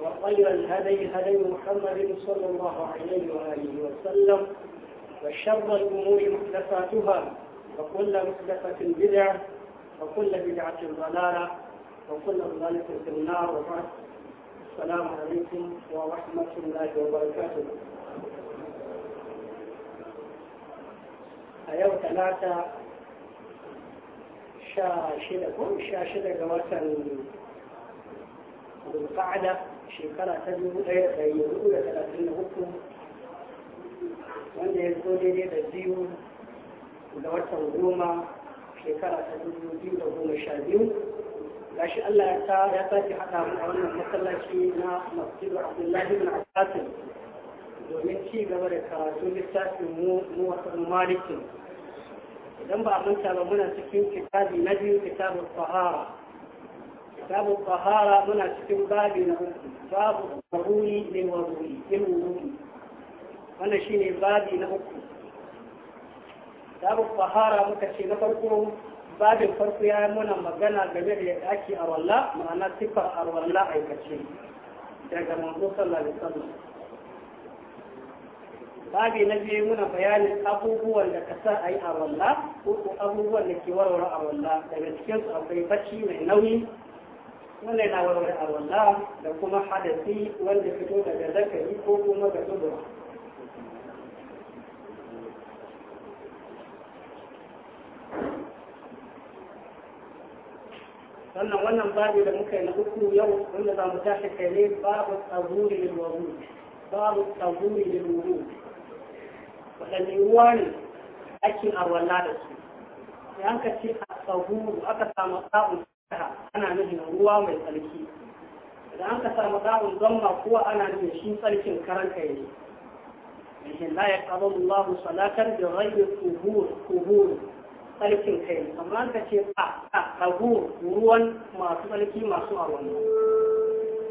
وخير الهدي هدي محمد صلى الله عليه وآله وسلم وشر الأمور محدثاتها وكل محدثة بدعة وكل بدعة ضلالة وكل ضلالة في النار وبعد السلام عليكم ورحمة الله وبركاته ايوه ثلاثه شاشه شاشه قواتل ko shekara ta dubu ɗaya da ɗari hudu da talatin da hukun wanda ya zo daidai da biyu da watan goma shekara ta dubu biyu da goma sha biyu gashi Allah ya ta ya sake haɗa mu a wannan masallaci na masjidu Abdullahi bin Abbas domin ci gaba da karatu littafin mu mu wasu malikin idan ba a manta ba muna cikin kitabi na biyu kitabul fahara babu tsahara muna cikin babi na uku babu tsahuri min wazuri min wuri wannan shi ne babi na uku babu tsahara muka ce na farko babin farko ya yi muna magana game da yadda ake arwalla ma'ana siffar arwalla aikace daga manzo sallallahu alaihi wasallam babi na biyu muna bayanin abubuwan da ka sa a yi a walla ko abubuwan da ke warware a walla daga cikinsu akwai bacci mai nauyi wannan yana warware alwala da kuma hadasi wanda fito daga zakari ko kuma ga tsubura wannan wannan babu da muka yi na uku yau wanda za mu tashi kai ne babu tsaburi da wudu babu da lil wudu yi ruwa ne ake arwala da su yanka ce a tsaburu aka samu tsabun saha ana nufin ruwa mai tsarki da an ka samu da'un zamma kuwa ana nufin shi tsarkin karan kai ne lakin la yaqbalu Allahu salatar bi ghayri tuhur tsarkin kai amma ka ce a a ruwan masu tsarki masu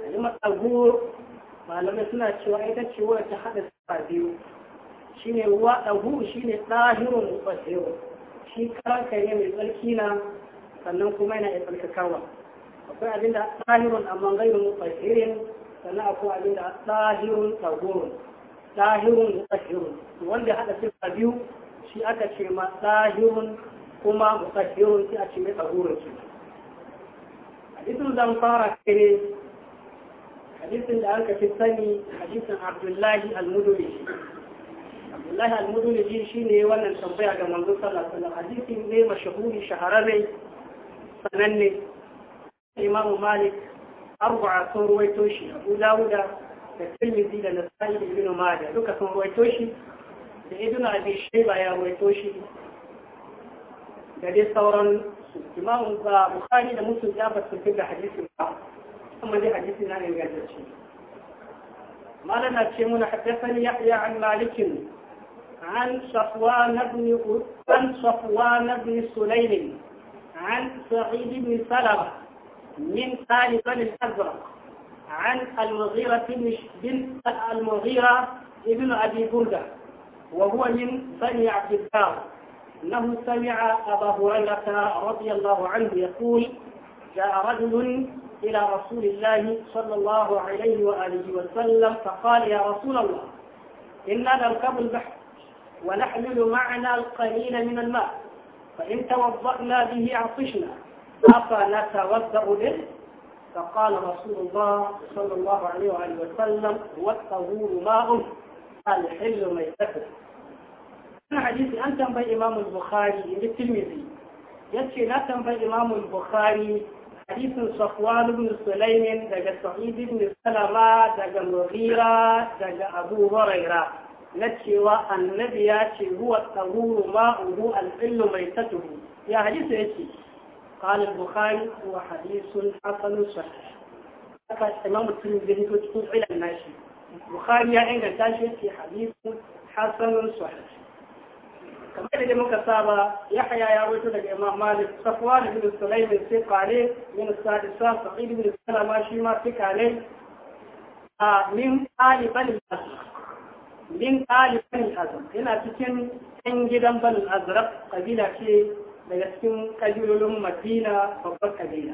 A yi matsagur malamai suna cewa ita ce wadda ta haɗa sifa biyu ne ruwa shi ne ɗahirun mutsahirun shi karan kai ne mai tsarki na sannan kuma yana iya tsarkakawa akwai abin da tsahirun amma gairun tsahirin sannan akwai abin da tsahirun tsagorun tsahirun tsahirun wanda haɗa sifa biyu shi aka ce ma tsahirun kuma tsahirun sai a ce mai tsagorun shi hadisin zan fara kere hadisin da aka fi sani hadisin abdullahi al muduri abdullahi al shi ne wannan tambaya ga manzon sallallahu alaihi wasallam hadisi ne mashahuri shahararre sananne imamu malik arba'a sun ruwaito shi abu dawuda da tirmidhi da nasa'i da ibnu da duka sun ruwaito shi da ibnu abi shayba ya ruwaito shi da dai sauran su imamu ba bukhari da muslim ya ba su fi da hadisin ba kuma dai hadisin na ingantacce malam na ce muna haddathani yahya an malikin عن صفوان بن عن صفوان بن سليم عن سعيد بن سلمة من آل بني الأزرق عن المغيرة بن المغيرة ابن أبي بردة وهو من بني عبد الدار أنه سمع أبا هريرة رضي الله عنه يقول جاء رجل إلى رسول الله صلى الله عليه وآله وسلم فقال يا رسول الله إنا نركب البحر ونحمل معنا القليل من الماء فإن توضأنا به عطشنا أفلا توضأ به فقال رسول الله صلى الله عليه وآله وسلم والطهور ماء الحل ميتكم. أنا حديث أن تنبي إمام البخاري للترمذي يتشي لا تنبي إمام البخاري حديث صفوان بن سليم دجا سعيد بن سلمة دجا مغيرة دجا أبو هريرة na cewa annabi ya ce huwa tsaruru ma'uhu al'illu mai ta tatuhu ya hadisa ya ce قال البخاري هو حديث حسن صحيح haka imamu turmizi hito cikin ilan nashi bukhari ya inganta shi ya yake hadisin hasanun sahih kamar da muka saba ya yahya ya rawaito daga imam malik safwan ibn sulaym sai qale min sadisa sa'id ibn salama shi ma sai qale a min ali bani basra min ali bani azraq yana cikin ɗan gidan bani azraq ƙabila ce daga cikin kabilolin madina babbar kabila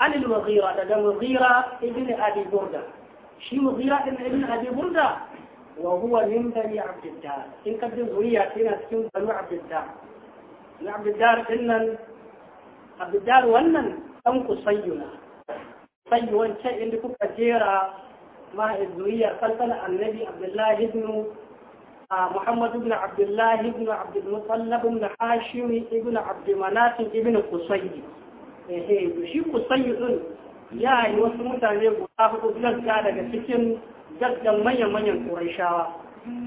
an al-mughira daga mughira ibn abi burda shi mughira din ibn abi burda wa huwa min bani abdiddar in ka ji ce yana cikin bani abdiddar na abdiddar din nan abdiddar wannan dan kusayyuna sayyuwan ce inda kuka jera مع الزوية فلسل النبي عبد الله بن محمد بن عبد الله بن عبد المطلب بن حاشم بن عبد مناف بن قصي shi kusayi din ya yi wasu mutane guda hudu gaska daga cikin gaskan manyan-manyan ƙurashawa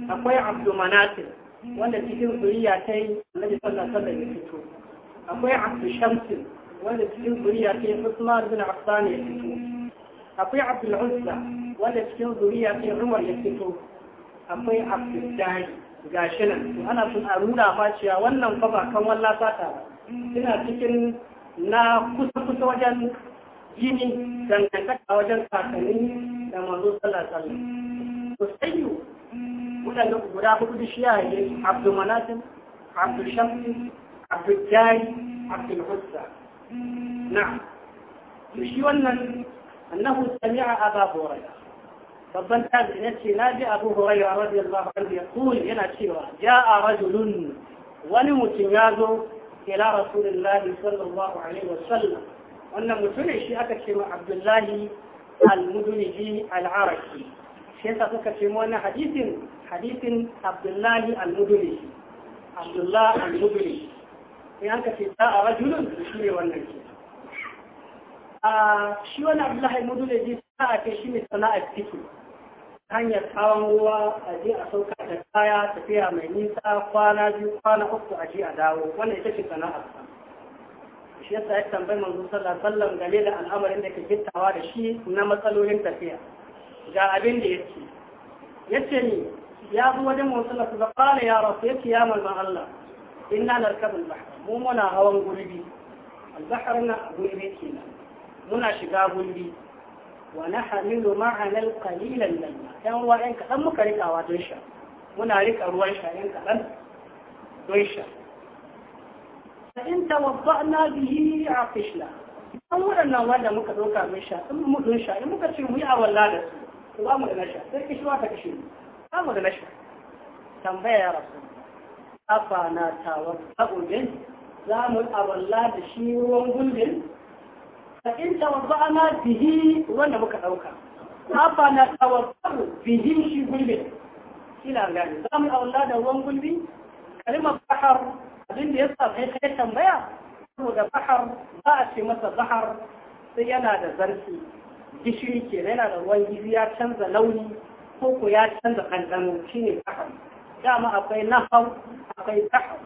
akwai abdumanatin wanda cikin zuriya ta yi annabi sallallahu alaihi ya fito akwai abdushamsin wanda cikin zuriya ta yi usman bin affan ya fito akwai abdul uzza wanda cikin zuriya sai rumar da fito akwai abdul dai gashi nan ana son a nuna fa cewa wannan fa ba kan wallah sata ba ina cikin na kusa kusa wajen gini dangantaka wajen kakanni da manzo sallallahu alaihi wasallam to sai waɗanda guda hudu da shi yayi abdul manatin abdul shamsi abdul jari abdul huzza na. to shi wannan أنه سمع أبا هريرة babban tabi na ce na ji abu hurairah radiyallahu anhu ya kuli yana cewa ja'a rajulun wani mutum ya zo ila rasulillahi sallallahu alaihi wa sallam wannan mutumin shi aka ce abdullahi al-muduniji al-arashi shi yasa suka ce ma wannan abdullahi al al wannan a shi wani abdullahi muduleji a ke shi mai sana'ar ciki hanyar tsawon ruwa a je a sauka da kaya tafiya mai nisa kwana biyu kwana uku a je a dawo wannan ita ce sana'ar shi yasa ya tambayi manzo sallallahu alaihi game da al'amarin da ke gittawa da shi na matsalolin tafiya ga abin da yake yace ni ya zo wajen manzo sallallahu alaihi wasallam ya rasu yake ya Allah inna narkabul bahr mu muna hawan gurbi al-bahr na gurbi kenan muna shiga gundi wa na hamilu ma'anar kalilan nan ɗan ruwa ɗan kaɗan muka rikawa don sha muna rika ruwan sha ɗan kaɗan don sha in ta wabba na biyi a fishla an waɗannan wanda muka ɗauka mai sha in mu ɗin sha in muka ce mu yi walla da su ba mu da na sha sai kishiwa ta kishi. ne ba mu da na sha tambaya ya rasu afa na tawar bin za mu walla da shi ruwan gundin fa in tawadda'ana bihi wanda muka ɗauka. haba na tawadda'u bihi shi gulbi ina gani za mu aula da ruwan gulbi kalimar bahar abin da ya samu kai tambaya saboda bahar za a ce masa bahar sai yana da zarfi gishiri ke yana da ruwan gizi ya canza launi ko ya canza ɗanɗano shine bahar dama akwai nahau akwai bahar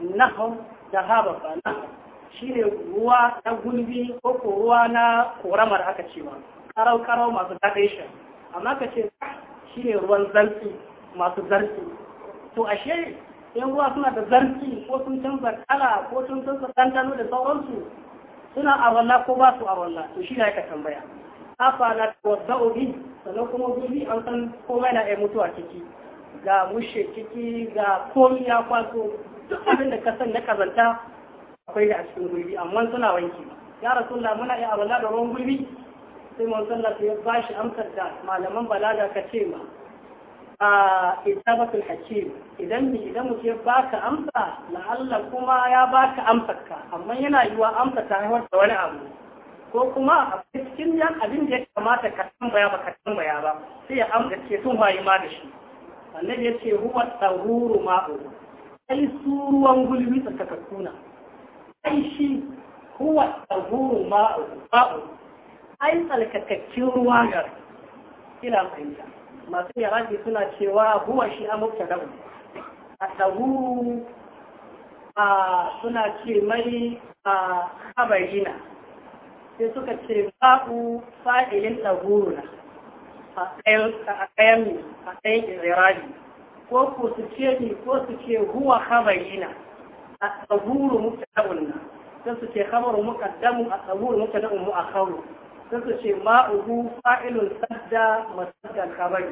nahau da haba ba shine ruwa na gulbi ko ko ruwa na koramar aka cewa karau karau masu dadation amma ka ce ah, shine ruwan zarfi masu zarfi to ashe yan ruwa suna da zarfi ko sun canza kala ko sun canza dandano da sauransu suna arwalla ko ba su arwalla to shi ne aka tambaya afa na tawadda'u bi sannan kuma gulbi an san komai na iya mutuwa ciki ga mushe ciki ga komi ya kwaso duk abin da ka san na kazanta akwai da a cikin gulbi amma suna wanki ya na, muna iya abala da ruwan gulbi sai mun sallar ya ba shi amsar da malaman balaga ka ce ma a isabatul hakim idan ni idan mu baka amsa Allah kuma ya baka amsar ka amma yana yiwa amsa ta haifar da wani abu ko kuma a cikin yan abin da ya kamata ka tambaya ba ka tambaya ba sai ya amsa ce sun bayi ma da shi annabi ya ce huwa tsaruru ma'u kai su ruwan gulbi tsakakakuna ai shi huwa tsahuru ma'u ai tsarkakakkin ruwa ga ila fahimta masu yarafi suna cewa huwa shi a da a tsahuru a suna ce mai a habarina sai suka ce ba'u fa'ilin tsahuru na a ɗayan ne a ɗayan ko ku su ce ni ko su ce huwa habarina الطهور مبتدا تنسى خبر مقدم الطهور مبتدا مؤخر تنسى fa'ilun فاعل سد مسد الخبر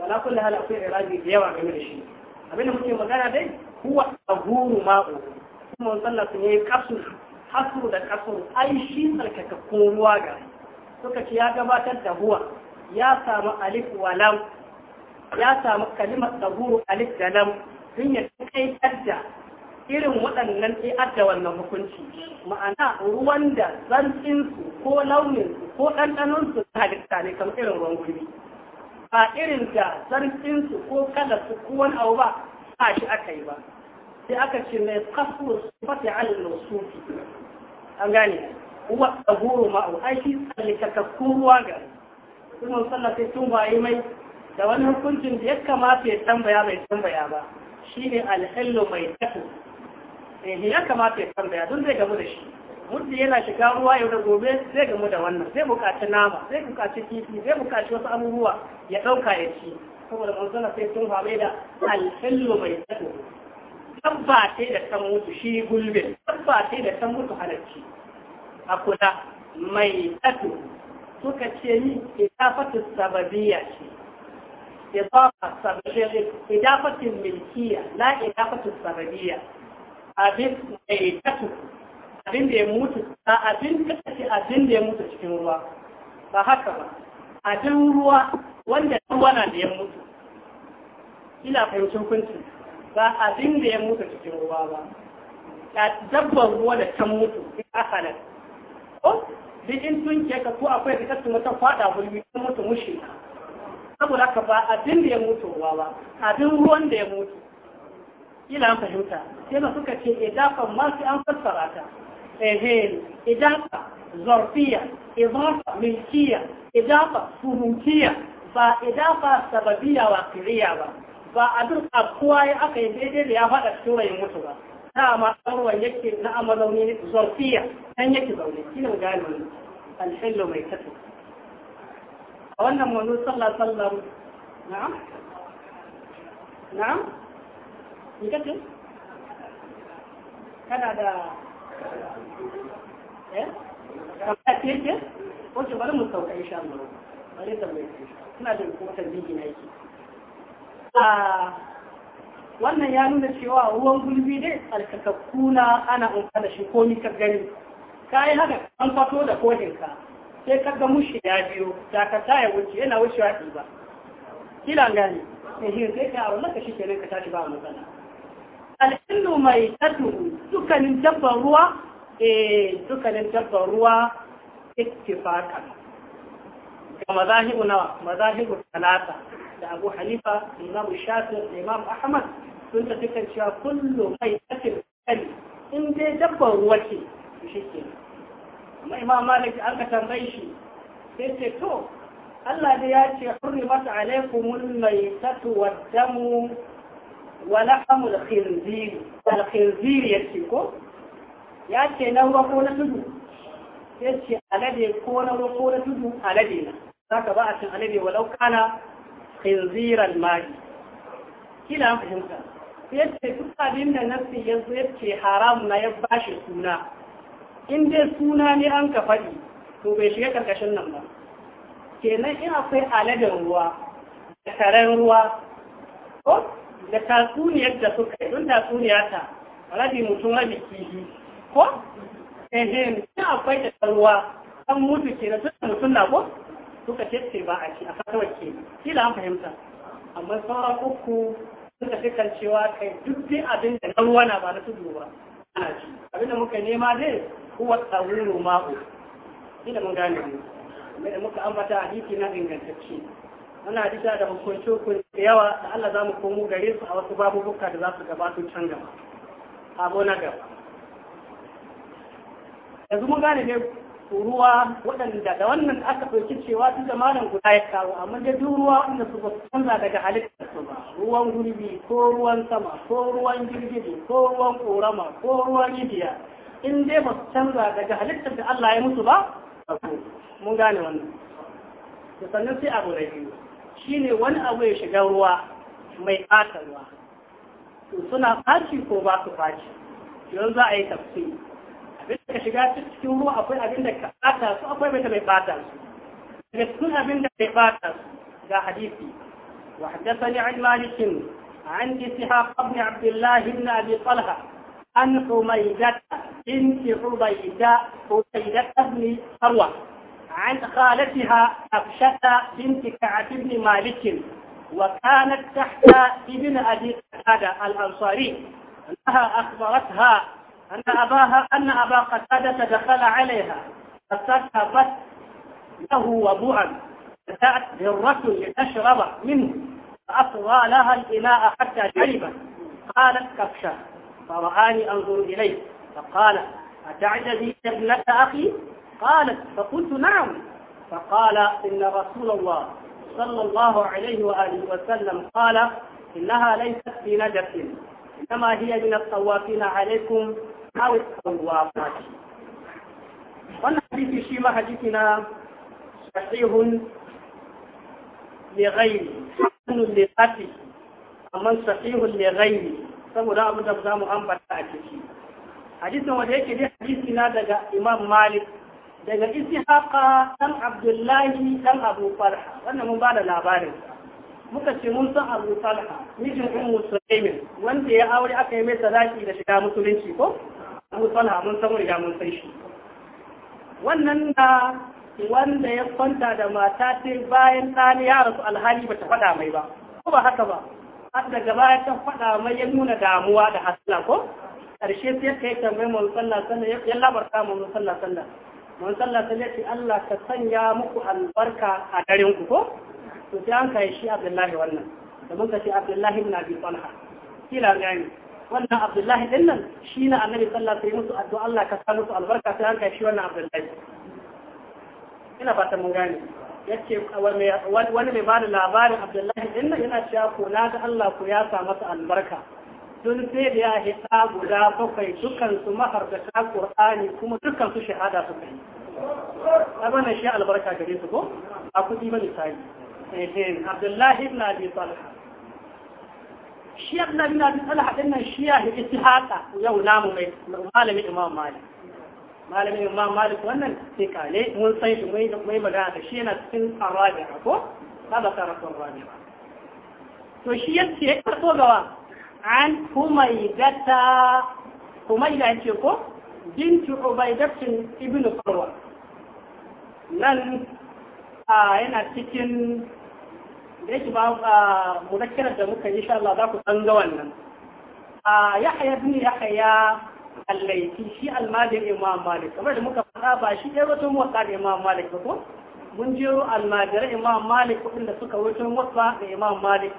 ولا كل هذا في علاجي ديوا game da shi abin da muke magana dai huwa tahuru ma'u kuma sallah sun yi kasu hasru da kasur ai shi tsarkakakkun ruwa ga suka ce ya gabatar da huwa ya samu alif wa ya samu kalimar tahuru alif da lam ya kai tadda irin waɗannan ɗi'ar da wannan hukunci ma'ana ruwan da zantsinsu ko launinsu ko ɗanɗanonsu na halitta ne kamar irin ruwan gudu ba irin da zantsinsu ko kalarsu ko wani abu ba a shi aka yi ba sai aka ce mai kasuwar sufati alin sufi an gane wa goro ma'au ai shi tsallakakakku ruwa ga sunan sallah sai sun waye mai da wani hukuncin da ya kamata ya tambaya bai tambaya ba Shi ne alhillu mai tafi eh ya kamata ya tambaya don zai gamu da shi muddin yana shiga ruwa yau da gobe zai gamu da wannan zai buƙaci nama zai buƙaci kifi zai buƙaci wasu abubuwa ya ɗauka ya ci saboda manzana sai sun hame da alhillu mai tsaro tabba ce da san mutu shi gulbin tabba ce da san mutu halarci a kula mai tsaro suka ce ni idafatu sababiya ce idafa sababiyya idafatin milkiya la idafatu sababiya abin mai tatu abin da ya mutu ba abin da kake abin da ya mutu cikin ruwa ba haka ba abin ruwa wanda ruwa na da ya mutu ina fahimci hukunci ba abin da ya mutu cikin ruwa ba dabban ruwa da can mutu in asalan ko duk in ke ka ko akwai da kasu mata fada gulbi ta mutu mushi saboda ka ba abin da ya mutu ruwa ba abin ruwan da ya mutu ila an fahimta sai suka ce idafan ma sai an fassara ta ehe idafa zarfiya idafa milkiya idafa furukiya ba idafa sababiya wa kiriya ba ba abin akuwa ya aka yi daidai da ya faɗa cikin mutu ba dama ɗarwan yake na amazauni zarfiya ɗan yake zaune shi ne gani alhillu mai kasu a wannan manu sallah sallam na'am na'am me kana da eh kamar ce ce ko ce bari mu sauka insha Allah bari da mai Kana da kuma tarbiyyi na yake a ah, wannan ya nuna cewa ruwan gulbi dai Alkakakku na ana amfani shi shi komi ka gani yi haka an fato da kodinka sai ka ga mushi ya biyo dakata ya wuce yana wucewa ɗi ba kila gani eh, ne shi sai ka yaro naka shi kenan ka tashi ba magana. alhillu mai tatu dukkanin dabbar ruwa eh, dukkanin dabbar ruwa ittifaqan ga mazahibu nawa mazahibu talata da Abu Hanifa Imam Shafi Imam Ahmad sun ta dukkan cewa kullu mai tatin kali in dai dabbar ruwa ce to shike amma Imam Malik an ka tambaye shi sai ce to Allah da ya ce hurrimat alaikumul maitatu wad damu ولحم الخنزير الخنزير يتيكو ياتي نورا كونا تدو ياتي ألدي كونا وكونا تدو ألدينا ذاك بقى ألدي ولو كان خنزير الماء كلا فهمت yace duk abin da nafsi yanzu yace haram na ya bashi suna in dai suna ne an ka faɗi to bai shiga karkashin nan ba kenan in akwai aladen ruwa da karen ruwa da tatsuniyar da suka yi don tasuniya ta rabi mutum rabi kifi ko ehem sai akwai da ruwa an mutu ke na suna mutum na ko suka ce ba a ci a fatawa ke kila an fahimta amma sauran uku suka fi kan cewa kai duk dai abin da na ruwa na ba na tudu ba abin da muka nema dai kuwa tsaruru ma'u ina mun gane mu da muka ambata hiki na ingantacce muna disha da hukunci hukunci da yawa da Allah za mu komo gare su a wasu babubuka da za su gabato can gaba abu na gaba yanzu mun gane ne ruwa waɗanda da wannan aka ɗauki cewa tun da malam guda ya kawo amma da duk ruwa wanda su ba canza daga halittar su ba ruwan gurbi ko ruwan sama ko ruwan girgiri ko ruwan ƙorama ko ruwan ibiya in dai ba su canza daga halittar da Allah ya mutu ba mun gane wannan da sannan sai abu da biyu shine wani abu ya shiga ruwa mai ɓata ruwa to suna ɓaci ko ba su ɓaci yanzu za a yi tafsiri abin da ka shiga cikin ruwa akwai abin da ka ɓata su akwai mai bai bata su daga cikin abin da bai ɓata su ga hadisi wa haddathani an malikin an ishaq ibn abdullah ibn abi talha an humaydah bint hubaydah hubaydah ibn harwa. عن خالتها أفشة بنت كعب بن مالك وكانت تحت ابن أبي قتادة الأنصاري أنها أخبرتها أن أباها أن أبا قتادة دخل عليها فاستشربت له وضوءا فجاءت هرة لتشرب منه فأصغى لها الإناء حتى شربت قالت كبشة فرآني أنظر إليه فقال أتعجبي ابنة أخي قالت فقلت نعم فقال إن رسول الله صلى الله عليه وآله وسلم قال إنها ليست بنجس إنما هي من الطوافين عليكم أو الطوافات والحديث ما حديثنا صحيح لغيري حسن لذاته ومن صحيح لغيري ghairi saboda abu da بعد حديثنا a ciki حديثنا wanda yake مالك daga isi haka, dan abdullahi dan abu farha wannan mun bada labarin muka ce mun san abu talha mijin ɗin musulmi wanda ya aure aka yi mai sadaki da shiga musulunci ko abu talha mun san wani mun san shi wannan na wanda ya kwanta da mata ce bayan tsani ya rasu alhali ba ta faɗa mai ba ko ba haka ba har daga baya ta faɗa mai ya nuna damuwa da hasala ko ƙarshe sai kai tambayi mun sallah sallah ya labarta mun sallah sallah mun sallah sai ce Allah ka sanya muku albarka a daren ku ko to sai an kai shi Abdullahi wannan da mun kace Abdullahi ibn Abi Talha kila gani wannan Abdullahi din nan shi na Annabi sallallahu alaihi wasallam musu addu'a Allah ka sa musu albarka sai an kai shi wannan Abdullahi ina fata mun gane yace wani mai bada labarin Abdullahi din nan yana cewa ko na ga Allah ku ya sa masa albarka sun sai da ya hita guda bakwai dukansu maharbata ƙur'ani kuma dukansu shahada suka yi abana shi albarka gare su ko a kudi ba misali ehem abdullahi ibn abi talha shi abdullahi ibn abi talha din nan shi ya hita istihaqa yau namu mai Malamin imam malik malami imam malik wannan sai kale mun san shi mai magana da shi yana cikin arabiya ko ta ba ta rasul arabiya to shi yadda ya karbo gawa an humaidata humaida ce ko bintu ubaidatin ibn farwa nan a yana cikin da yake ba a mudakkirar da muka yi Allah za ku san ga wannan a yahya ibn yahya al-laiti shi al-malik imam malik kamar da muka faɗa ba shi ɗaya wato muwatta da imam malik ba ko mun jero almajiran imam malik waɗanda suka wato muwatta da imam malik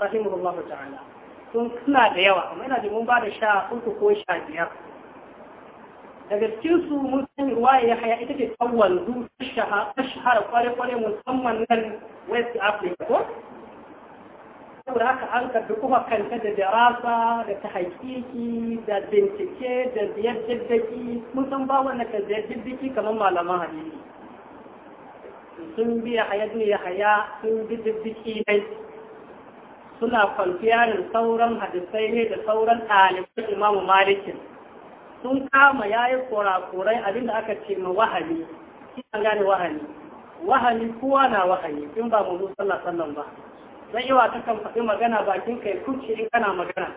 rahimahullahu ta'ala sun suna da yawa amma ina da mun ba da sha uku ko sha biyar daga cikin su mun san ruwaya ya haya ita ce tsawon zu ta shahara kware-kware musamman nan west africa ko saboda haka an karbi kuma kanta da darasa da ta haƙiƙi da bincike da ziyar diddaki mun san ba wannan kan ziyar diddaki kamar malaman hadisi sun biya haya ne ya haya sun bi diddaki suna kwamfiyarin sauran hadisai ne da sauran ɗalibai imamu malikin sun kama ya yi kurakurai abinda aka ce ma wahani shi an gane wahani wahani kowa na wahani in ba mu sallah sallan ba zai yi ta kan faɗi magana bakin kai kuce in kana magana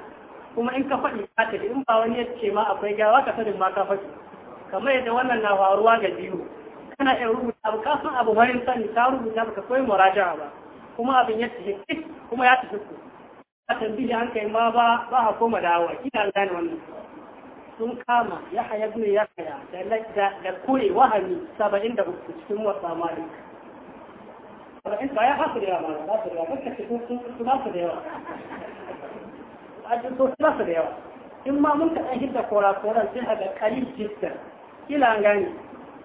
kuma in ka faɗi ka tafi in ba wani ya ce ma akwai gawa ka sanin ma ka faɗi kamar yadda wannan na faruwa ga biyu kana iya rubuta abu ka san abu wani sani ka rubuta baka koyi muraja'a ba kuma abin ya tafi kuma ya tafi ku a tambihi an kai ma ba ba a koma dawo ina an gane wannan sun kama ya haya bin ya kaya da da kure wahami saba'in da uku cikin wasa malik saba'in ba ya hasu da yawa ba su da yawa ba su ba su da yawa a jin so ba su da yawa in ma mun kaɗan hidda kurakuran sai a ga kalil jistar kila an gane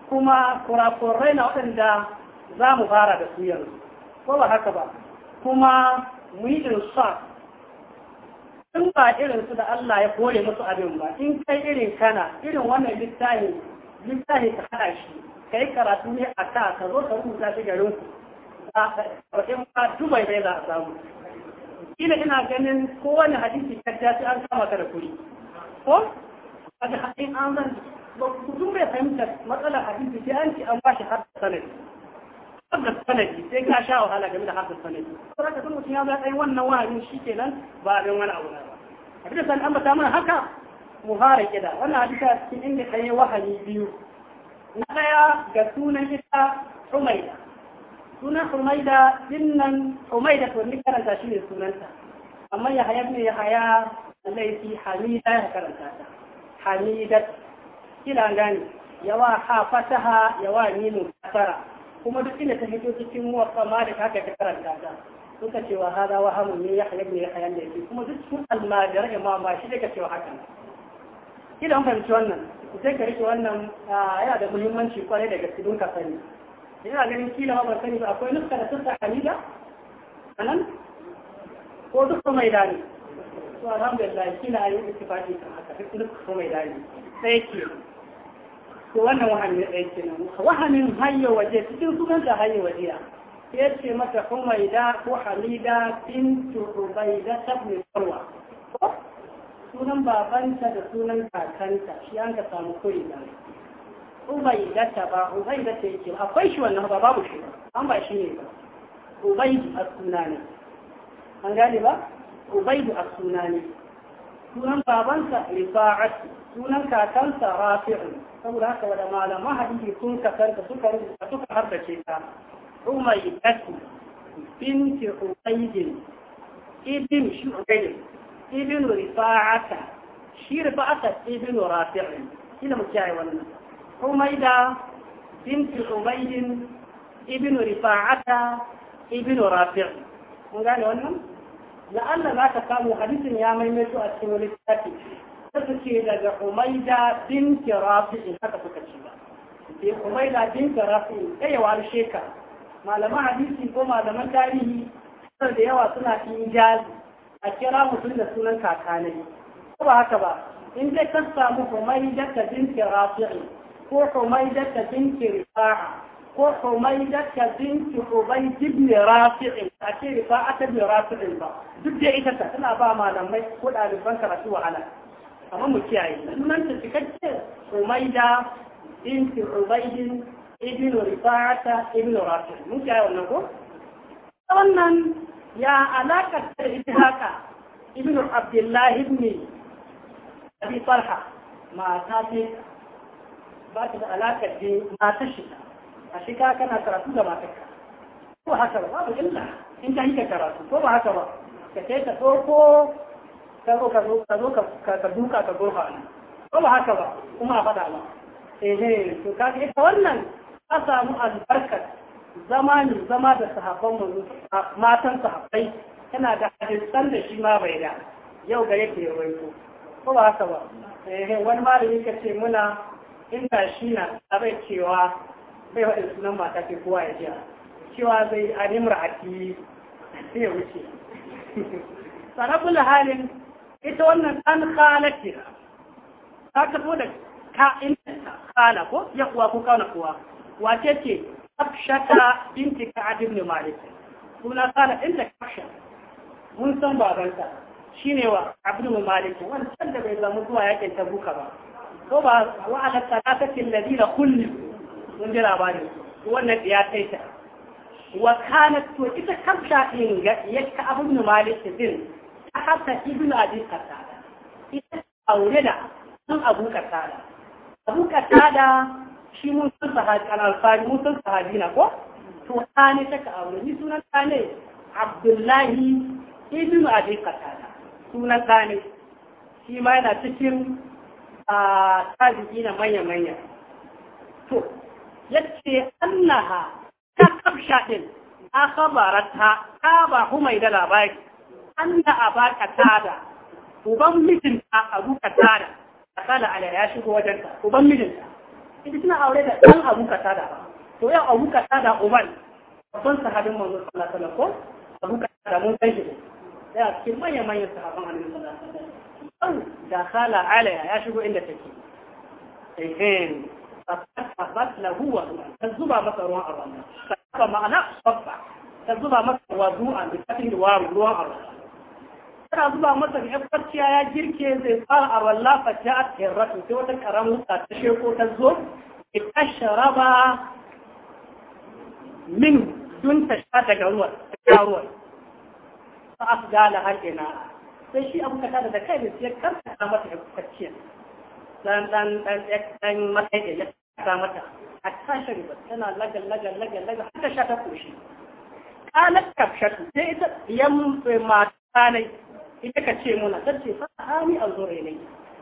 kuma kurakurai na waɗanda za mu fara da su yanzu ko ba haka ba kuma mu yi insa in ba irin su da Allah ya kore musu abin ba in kai irin kana irin wannan littafi littafi ka hada shi kai karatu ne a ta ka zo ka rubuta shi garin ku a in ba dubai bai za a samu ina ina ganin kowane hadisi ta sai an kama ka da kuri ko a da hadin an zan ba ku bai fahimta matsalar hadisi sai an ci an ba shi har sanadi harkar sanadi sai ka sha wahala game da harkar sanadi to haka sun mutum ya zo ya wannan wani shikenan ba abin wani abu na ba abin da an bata mana haka muhara kida wannan hadisa cikin inda kan yi wahani biyu na daya ga sunan ita humaida sunan humaida dinnan humaida to ni karanta shi ne sunanta amma ya haya ne ya haya laifi hamida ya karanta ta hamida kina gani yawa ha fataha yawa mu kasara kuma duk inda ta hito cikin muwaffa da kaka ta karanta ta suka cewa hada wa hamu ne ya hayar ne ya hayar ne yake kuma duk sun almajar imama shi daga cewa haka kila an fahimci wannan sai ka rike wannan yana da muhimmanci kwarai da gaske don ka sani ina ganin kila ma ban sani ba akwai nuska da sassa hamida a nan ko duk kuma mai dani to alhamdulillah kila ayi ittifaqi kan haka duk kuma mai dani sai ke to wannan wahamin ɗaya nan wahanin hayya waje cikin su da hayya waje ya ce mata humaida ko hamida bintu Ubayda ta farwa sunan babanta da sunan kakanta shi an ka samu kuri da ubaida ta ba Ubayda ta yake akwai shi wannan ba babu shi an ba shi ne ba ubaidu a suna ne an gane ba ubaidu a suna ne sunan babansa rifa'at sunan kakansa rafi'u saboda haka wada malama hadisi sun kasanta suka rubuta suka hardace ta umayyatu binti ubaydin ibn shu'ayb ibn rifa'ata shi rifa'ata ibn rafi'u Ina mu kiyaye wannan umayda binti ubaydin ibn rifa'ata ibn rafi'u mun gane wannan la'alla za ka samu hadisin ya maimaito a cikin wani tafi ta ce daga umaida bin kirafi'in haka suka ce ba ke umaida bin kirafi'in ɗaya wa sheka malaman hadisi ko malaman tarihi suna da yawa suna cikin jazi a kira mutum da sunan kakanai ko ba haka ba in dai ka samu umaida bin kirafi'in ko umaida bin kirafi'in ko humaidata binti ubayd ibn rafi' a ce rifa'ata ibn rafi' ba duk da ita ta tana ba malamai ko ɗaliban karatu wahala amma mu kiyaye sunan ta cikakke humaida binti ubayd ibn rifa'ata ibn rafi' mun kiyaye wannan ko wannan ya alaka ta ita haka ibn abdullah ibn abi talha ma ta ce ba ta da alaka da mata shi a shiga kana karatu da matarka ko haka ba in karatu ko ba haka ba ka kai ɗauko ka ka ko ba haka ba kuma a faɗa ba ka wannan samu zama ne zama da sahabban manzo matan sahabbai yana da san da shi ma bai da yau ga yake yawaito ko ba haka ba eh wani malami ka muna inda shi na cewa bai faɗin sunan mata ke kowa ya jiya cewa zai a nimra a ti sai ya wuce sarabul halin ita wannan ɗan kalatina ta tafi da ka'in kala ko ya kuwa ko kauna kuwa wace ce kafshata binti a jirgin malik suna kala inda kafsha mun san babanta ne wa mu maliki wani can da bai zama zuwa yakin tabuka ba ko ba wa ala salatatin ladina kullum. mun ji labarin wannan ya kai ta wa kana to ita kamta din ga yakka abun malik din hatta ibnu abi qatada ita aure da sun abu qatada abu qatada shi mun san sahabi an alfari mun san sahabi na ko to kana ta ka aure ni sunan ta ne abdullahi ibnu abi qatada sunan ta ne shi ma yana cikin a ah, tabi'i na manya manya to yace annaha ta kafsha din a khabarata ta ba kuma da labari anna abaka tada uban mijinta abu katada kala ala ya shigo wajen uban mijinta idan suna aure da dan abu katada ba to yau abu katada uban babban sahabin manzo sallallahu alaihi wasallam ko abu katada mun san shi da a cikin manyan manyan sahabban annabi sallallahu alaihi wasallam da kala ala ya shigo inda take ehem Ka zuba masa فأخذ هو تزبع مثل روان أروانا فمعنى صبع تزبع مثل وضوءا بفتح الواو روان أروانا Kana zuba masa da farciya ya girke zai tsara a wallafa ta a tsirratu sai wata karamin ta ta sheko ta zo ita sharaba min dun ta sha daga ruwan ta ruwan ta asgala har ina sai shi abu kata da kai ne sai karka ta mata farciya dan dan dan dan mata ya ta mata a ta shariba tana laga laga laga har ta sha ta koshi kanar kafshatu sai ita yan eh, mata ne ita ka ce muna ta ce fahami a zuwa ne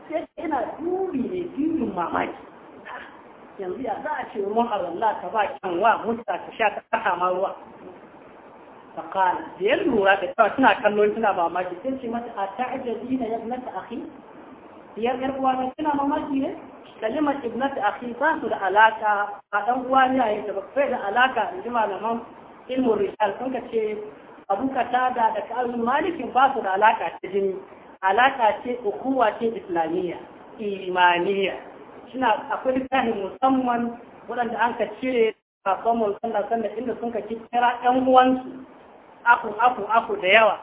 sai ina duri ne dinin mamaki yanzu ya za a ce wa muharrallah ka ba kyan wa mutta ta sha ta kasa ma ruwa فقال ديال مراد تنا كلون تنا ما ما جيتش مت أتعجبين na ابنة أخي diyar yar uwa ne kina mamaki ne kalimar ibnat akhi ba su da alaka ba dan uwa ne yayin da ba da alaka in ji malaman ilmu rijal sun ka ce abu katada da ka'abin malikin ba su da alaka ta jini alaka ce ukuwa ce islamiyya imaniya suna akwai littafin musamman waɗanda an ka cire kasuwan mun sannan sallah inda sun ka kira ƴan uwansu aku aku aku da yawa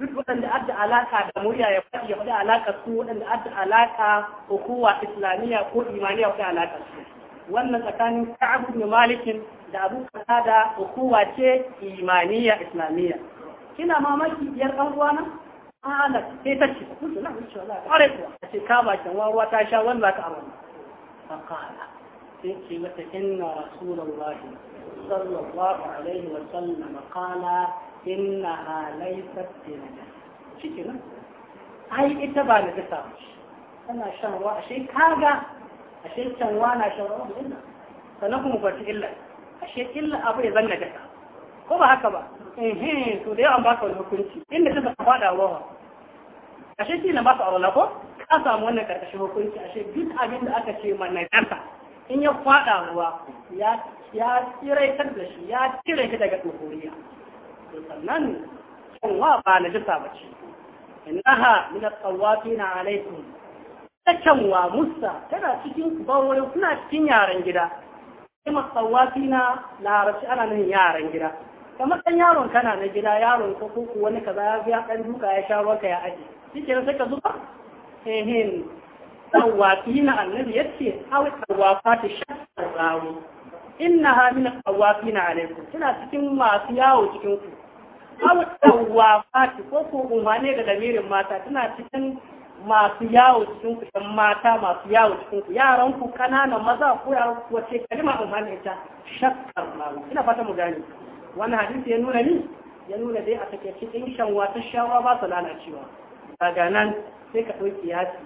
duk waɗanda adda alaka da murya ya faɗi ya faɗi alaka su waɗanda adda alaka hukuma islamiyya ko imaniya ko alaka su wannan tsakanin ka'ab ibn malikin da abu da hukuma ce imaniya islamiyya kina mamaki yar na? uwana ana sai ta ce kullu na insha Allah kware kuwa a ce ka kan ruwa ta sha wannan ka amana faqala sai ce mata inna rasulullahi sallallahu alaihi wa sallam qala inna halaisar jinada ciki nan ai ita ba na gasa tana shan ruwa ashe kaga ashe ruwa na shan ruwa da illa sannan kuma ba illa ashe illa abu ya zanna gasa ko ba haka ba ehe to da yawan baka wani hukunci inda ta zaka fada ruwa ashe shi na ba su aure ko ka samu wannan karkashin hukunci ashe duk abin da aka ce ma najasa in ya fada ruwa ya tsiraitar da shi ya cire shi daga tsohoriya sannan canwa ba na jisa ba ce innaha min at-tawafin alaikum ta canwa Musa tana cikin ku ba kuna cikin yaran gida kuma tawafina larabci ana nan yaran gida kamar ɗan yaron kana na gida yaron ka ko wani kaza ya fi ɗan duka ya sha ruwanka ya aje shi ke sai ka zuba ehin tawafi na annabi ya ce awi tawafa rawu Inna innaha min qawafina alaikum tana cikin masu yawo cikin ku aw qawafati ko ko umane da lamirin mata tana cikin masu yawo cikin ku dan mata masu yawo cikin ku yaran ku kananan maza ko yaran ku wace kalma umane ita shakkar malu ina fata mu gane wannan hadisi ya nuna ni ya nuna dai a take cikin shan wata shawa ba su lalacewa daga nan sai ka ɗauki yaki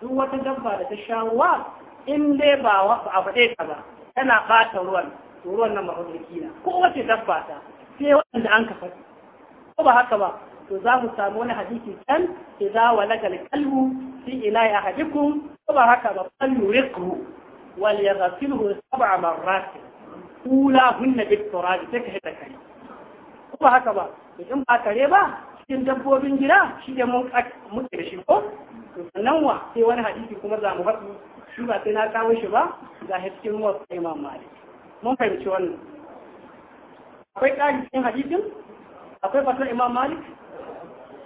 duk wata dabba da ta shawa in dai ba a faɗe ta ba tana ɓata ruwan to ruwan nan mahaukaki na ko wace dabba ta sai wanda an ka faɗi ko ba haka ba to za mu samu wani hadisi can idza walaka alqalbu fi ilahi ahadikum ko ba haka ba fal yuriqhu wal yaghsilhu sab'a marrat ula hunna bit turab take hita kai ko ba haka ba in ba kare ba cikin dabbobin gida shi da mun muke da shi ko sannan wa sai wani hadisi kuma za mu faɗi shi ba sai na kawo shi ba ga hasken wasu imam malik mun fahimci wannan akwai ƙari cikin hadisin akwai fatan imam malik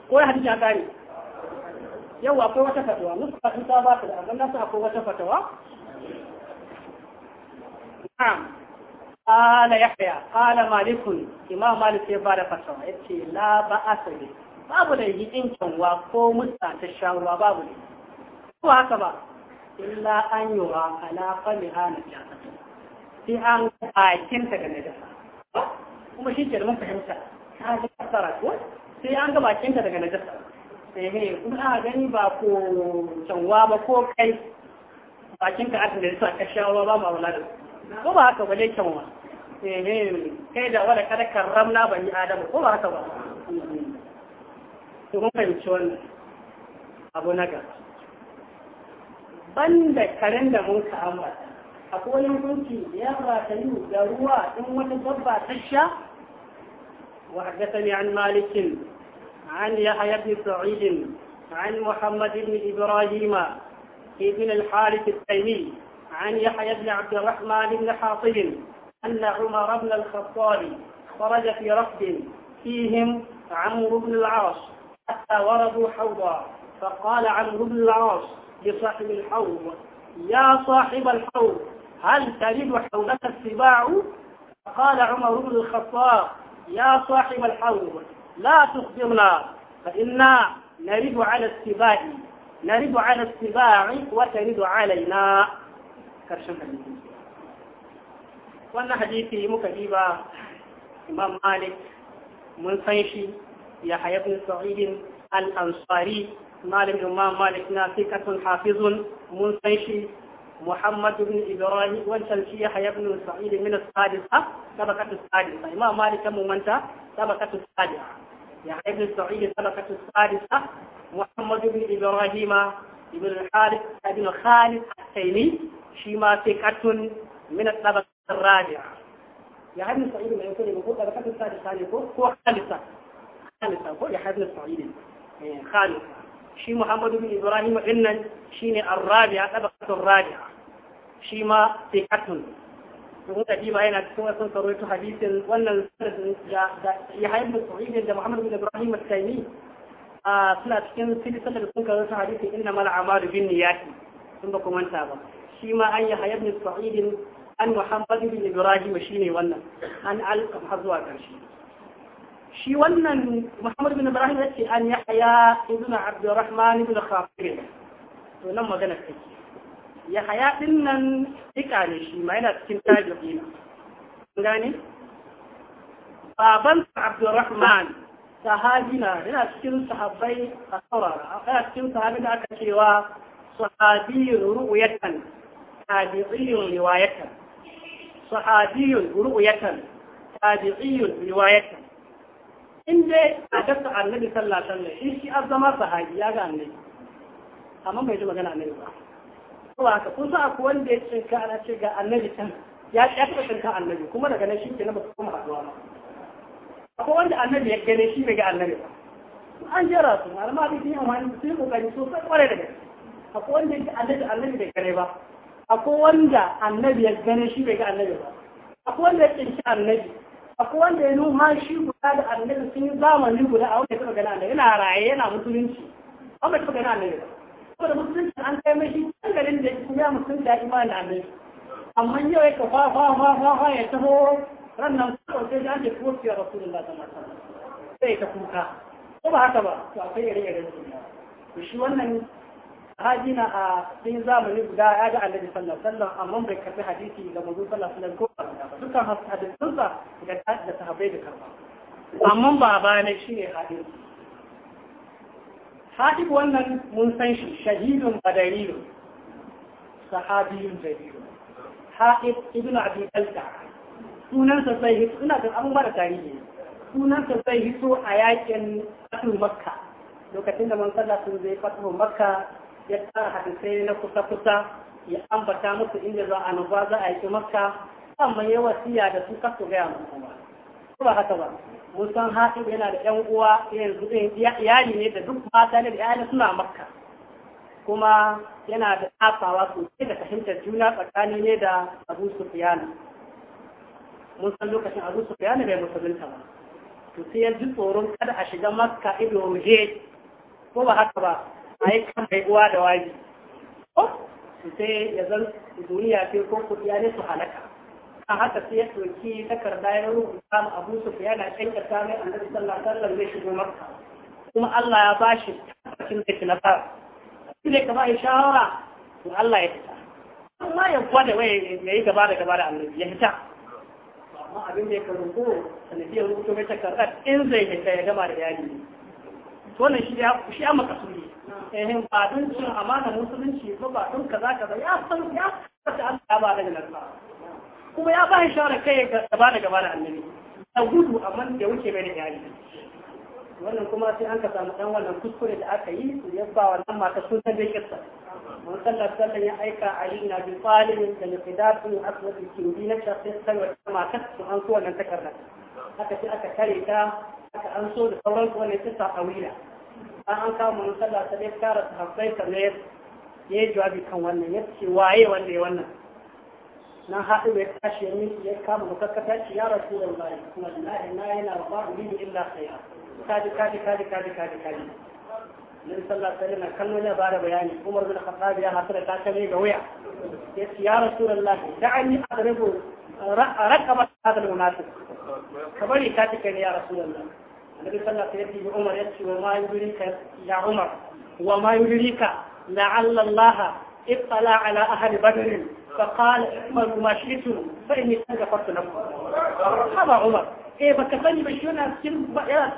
ko ya hadisin a ƙari yau akwai wata fatawa musu fatu ta ba ta da amma nasu akwai wata fatawa na'am ala قال يحيى قال مالك إمام مالك يبار فتوى يتي لا بأس به babu da yi in wa ko musta ta shawarwa babu ne ko haka ba illa an yi wa ala fami hana jakata sai an bakin ta ga najasa kuma shi ke da mun fahimta ta ga kasara ko sai an ga bakin ta daga najasa eh kuma a gani ba ko canwa ba ko kai bakin ka adin da yasa ka shawo ba ma wala da ko ba haka bane canwa eh kai da wala kada karramna bani Adamu? ko ba haka ba to mun fahimci wannan abu na gaba banda karen da mun ka ambata akwai gunki ya ratayu da ruwa ta sha وحدثني عن مالك عن يحيى بن سعيد عن محمد بن إبراهيم بن الحارث التيمي عن يحيى بن عبد الرحمن بن حاطب أن عمر بن الخطاب خرج في رفد فيهم عمرو بن العاص حتى وردوا حوضا فقال عمرو بن العاص لصاحب الحوض يا صاحب الحوض هل تريد حولك السباع فقال عمر بن الخطاب يا صاحب الحوض لا تخبرنا فإنا نرد على السباع نرد على السباع وترد علينا كرشن حديثي وانا حديثي مكذبة إمام مالك من يا يحيى بن سعيد الأنصاري مالك إمام مالك ناسكة حافظ منسيشي محمد بن إبراهيم وانشلشي يحيى بن سعيد من السادسة طبقة السادسة إمام مالك مومنتا طبقة السادسة يحيى بن سعيد طبقة السادسة محمد بن إبراهيم بن الحارث بن خالد التيمي شيما ثقة من الطبقة الرابعة يحيى بن سعيد ما يقول يقول طبقة السادسة يعني هو خالصة خالصة هو يحيى بن سعيد إيه، خالصة shi Muhammadu bin Ibrahim din nan shine ar-rabi'a tabaqatul rabi'a shi ma thiqatun kun ka diba yana cikin wasan karoito hadisin wannan sanadin ya ya haibu sa'idin da Muhammadu bin Ibrahim al-Taymi a suna cikin silsilar da sun karoito hadisin inna mal a'malu bin niyyati sun ba kuma manta ba shi ma an ya haibu sa'idin an Muhammadu bin Ibrahim shine wannan an al-kam har zuwa karshe shi wannan Muhammad bin Ibrahim yace an haya ibn Abdurrahman ibn Khatir to nan magana take haya din nan tika ne shi ma yana cikin tabi'ina kun gane baban Abdurrahman sahabina yana cikin sahabbai a saurara yana cikin sahabi da aka cewa sahabiyun ru'yatan tabi'iyun riwayatan sahabiyun ru'yatan tabi'iyun riwayatan in dai a gasta annabi sallallahu alaihi in shi azama sahabi ya ga annabi amma bai ji magana annabi ba ko haka kun sa akwai wanda ya cinka ana ce ga annabi can ya ya taba cinka annabi kuma daga nan shi kenan ba su kuma haduwa ba akwai wanda annabi ya gane shi bai ga annabi ba an jera su malama da shi amma su yi kokari sosai kwarai kware daga akwai wanda ya annabi annabi bai gane ba akwai wanda annabi ya gane shi bai ga annabi ba akwai wanda ya cinka annabi akwai wanda ya noma shi guda da annabi sun yi zamani guda a wanda ya taɓa gani annabi yana raye yana musulunci an bai taɓa gani annabi ba saboda musulunci an kai mashi shi can garin da ya musulunci ya imani da annabi amma yau ya kafa fa fa fa fa ya taho ran nan kawai sai da an ce kuma fiye rasulullah ta mata sai ta kuka ko ba haka ba to akwai yare yare da shi wannan hajina a cikin zamani guda ya ga annabi sallallahu alaihi wasallam amma bai karbi hadisi ga manzo sallallahu alaihi wasallam ko dukkan hadisin sa da da sahabbai da karba amma baba ne shine hadisi hadisi wannan mun san shi shahidun badariyun sahabiyun jadidun hadis ibn abi talha sunan sa sai hito ina da abun bada tarihi sunan sa sai hito a yakin fatu makka lokacin da man sallallahu alaihi wasallam zai fatu makka ya tsara hadisai na kusa-kusa ya ambata musu inda za a nufa za a yi makka amma ya wasiya da su kasu gaya mu kuma ba haka ba mun san haɗin yana da 'yan uwa yanzu din iyali ne da duk mata ne da iyali suna makka kuma yana da tsafawa sosai da fahimtar juna tsakani ne da abu su mun san lokacin abu fiyana bai musulunta ba to sai ya ji tsoron kada a shiga makka ido ruje ko ba haka ba a yi kan mai uwa da wani su oh, sai ya zan duniya ce ko kuɗi ya ne su halaka a haka sai ya soki takarda ya rubuta mu abu su ya na canka sami annabi sallallahu alaihi wasallam zai shigo makka kuma Allah ya bashi tabbacin na nasara shi ne kama ya shawara to Allah ya fita amma ya gwada wai ya yi gaba da gaba da annabi ya fita amma abin da ya karungo sanadiyar rubutu mai takardar in zai fita ya gama da yadi wannan shi ya shi ya makasudi eh ba dun cin amana musulunci ba ba dun kaza kaza ya san ya ta Allah ya ba da nan kuma ya ba shi shawara kai gaba da gaba da annabi da gudu amma da wuce bai da yari wannan kuma sai an ka samu dan wannan kuskure da aka yi su ya ba wannan mata sunan da yake kissa mun sallar sallar ya aika Ali na bi talib da liqidatu aswati kindi na shafin sai wata mata su an so wannan takarda haka sai aka kare ta aka an so da sauran wannan ta a wila an an kama mun sallah ta dai kara sahabbai sannan ya yi jawabi kan wannan ya ce waye wanda ya wannan nan haɗu ya tashi ya miki ya kama mukakkata ci ya rasu da wani kuma na yi ina yana wa ba ulidu illa khaira kaji kaji kaji kaji kaji kaji nabi sallallahu alaihi wasallam kallon ya bada bayani umar bin khattab ya da ta kame ga waya ya ce ya rasulullah a adribu raqaba hadal munafiq kabari ka tike ne ya rasulullah النبي صلى الله عليه وسلم عمر يأتي وما يدريك يا عمر وما يدريك لعل الله اطلع على أهل بدر فقال اعملوا ما شئتم فإني قد غفرت لكم هذا عمر إيه بك سني بشيونا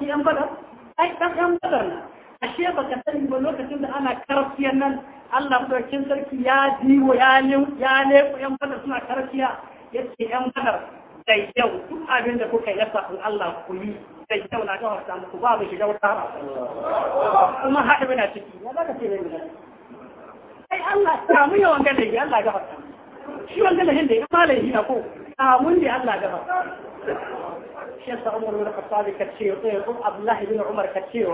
في أم بدر أي كان أم بدرنا ashe ba ka sani ba lokacin da ana karafiyar nan Allah sarkin sarki ya diwo ya leko yan fada suna karafiya ya ce yan fadar da yau duk abin da kuka yasa in Allah ku yi kai ta wala gawar ta muku ba mu shiga wata ba kuma haɗu bana ciki ya za ka ce mai magana ai Allah ta mu yawan gane Allah gafar ta shi wanda da hindi amma da hina ko ta da Allah gafar shi sa Umar bin Khattab kace ya tsaye eh, ko Abdullah bin Umar kace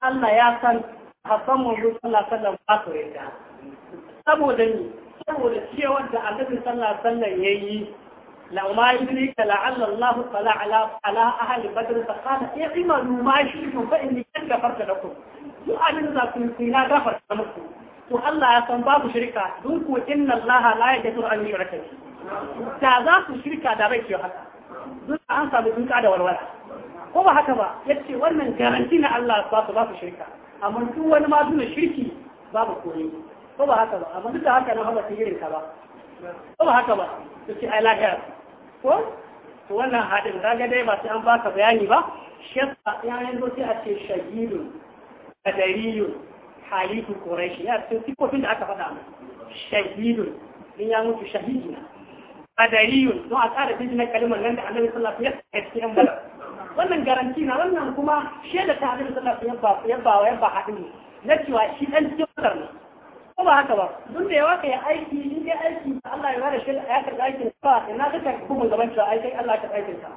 Allah ya san habban mu sallallahu alaihi wasallam ba su rinda saboda ni saboda da Annabi sallallahu alaihi wasallam yayi لما يدريك لعل الله اطلع على على اهل بدر فقال اعملوا ما شئتم فاني قد غفرت لكم سؤال ذاكم فينا غفرت لكم والله يسمى باب شركة دوكو إن الله لا يجدر أن يشرك به تعذاك شركة دابيك يا حكا دوك أنسى بدون قاعدة والولا هو هكذا يتشي ورمن جارنتين الله باب باب شركة أما نتوى ما دون شركي باب كوري هو هكذا أما نتوى هكذا نحن تهيرين كذا هو هكذا يتشي أي لا ko to wannan haɗin kaga dai ba sai an baka bayani ba shekka ya yanzu sai a ce shahidun kadariyun halittu quraishi ya ce sifofin da aka faɗa mu shahidun in ya mutu shahidina qadariyun don a ƙara jin na kalmar nan da annabi sallallahu alaihi wasallam ya ce bala wannan garanti na wannan kuma shaida ta annabi sallallahu alaihi wasallam ya ba ya ba haɗin na cewa shi dan cikin ne ba haka ba duk da yawa kai aiki in kai aiki ba Allah ya bada shi ya karɓi aikin ba ina ka karɓi kuma gaban ka aiki kai Allah ka aikin ka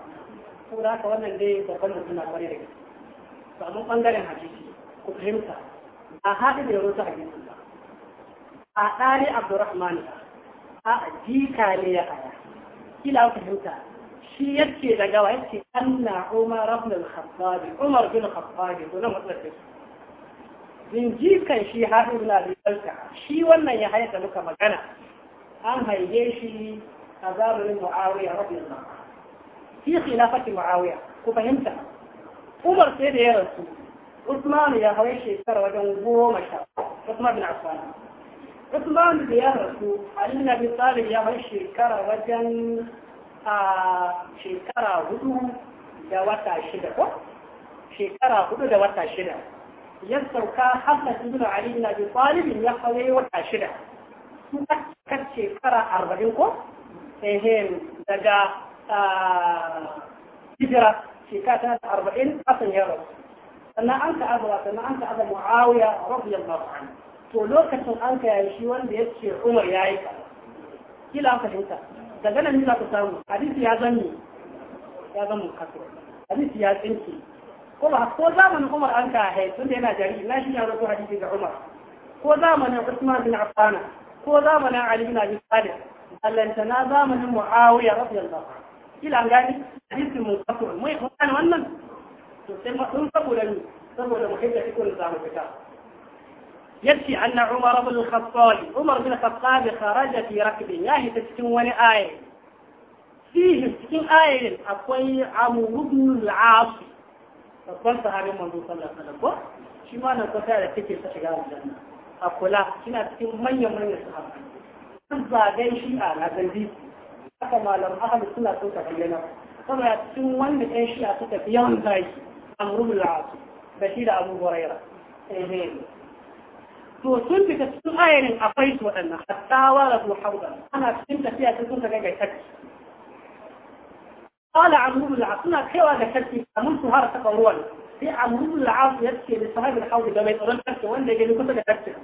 da haka wannan dai babban mutum na kwarai da gaske to amma bangaren hadisi ku fahimta a haɗu da yaro ta hadisi ba a ɗari Abdurrahman a jika ne ya aya kila ku fahimta shi yake daga wa yake anna Umar ibn al-Khattab Umar bin Khattab ko nan matsalar min jikan shi haɗu na rikarka shi wannan ya haita muka magana an haige shi a zamanin mu'awiya rabin nan na khilafati mu'awiya ku fahimta umar sai da ya rasu usman ya hawaye shekara wajen goma sha usman na affan usman da ya rasu ali na bi talib ya hawaye shekara wajen a shekara hudu da wata shida ko shekara hudu da wata shida ya sauka Hassan ibn Ali ibn Abi Talib ya kawai wata shida sun kan shekara arba'in ko ehem daga hijira shekara ta arba'in kasan ya rasu sannan an ka azaba sannan an ka azaba Muawiya radiyallahu anhu to lokacin an ka yayi shi wanda ya ce Umar ya yi kaza kila an fahimta daga nan ni za ku samu hadisi ya zanni ya zama kafir hadisi ya tsinke kuma ko zamanin Umar an ka hai yana jariri na shi ya rawaito hadisi ga Umar ko zamanin Usman bin Affan ko zamanin Ali bin Abi Talib ballantana zamanin Muawiya radiyallahu anhu kila an gani hadisi mun kafu mai kuma wannan to sai ma dun saboda ni saboda mu hidda cikin zamu fita يبكي أن عمر بن الخطاب عمر بن الخطاب خرج في ركب ياهي تسكن آية فيه تسكن آية أقوي عمرو بن العاص babban sahabin manzo sallallahu alaihi wasallam ko shi ma nan kwata da take ta shiga aljanna a kula kina cikin manyan manyan sahabbai sun zagai shi a na zanzi haka malam ahli suna sun ka bayyana saboda cikin wanda ɗan a suka fi yawan zai amrul asu da shi da abu huraira to sun fita cikin ayarin akwai su waɗannan hatta wa rabu hauda ana cikin tafiya sun ka ga gaitaki قال عمرو بن العاص suna kaiwa ga sarki kamun su har saka ruwan sai Amr ibn al-As ya ce da sahibul hawl da mai tsaron sarki wanda ya kusa da sarki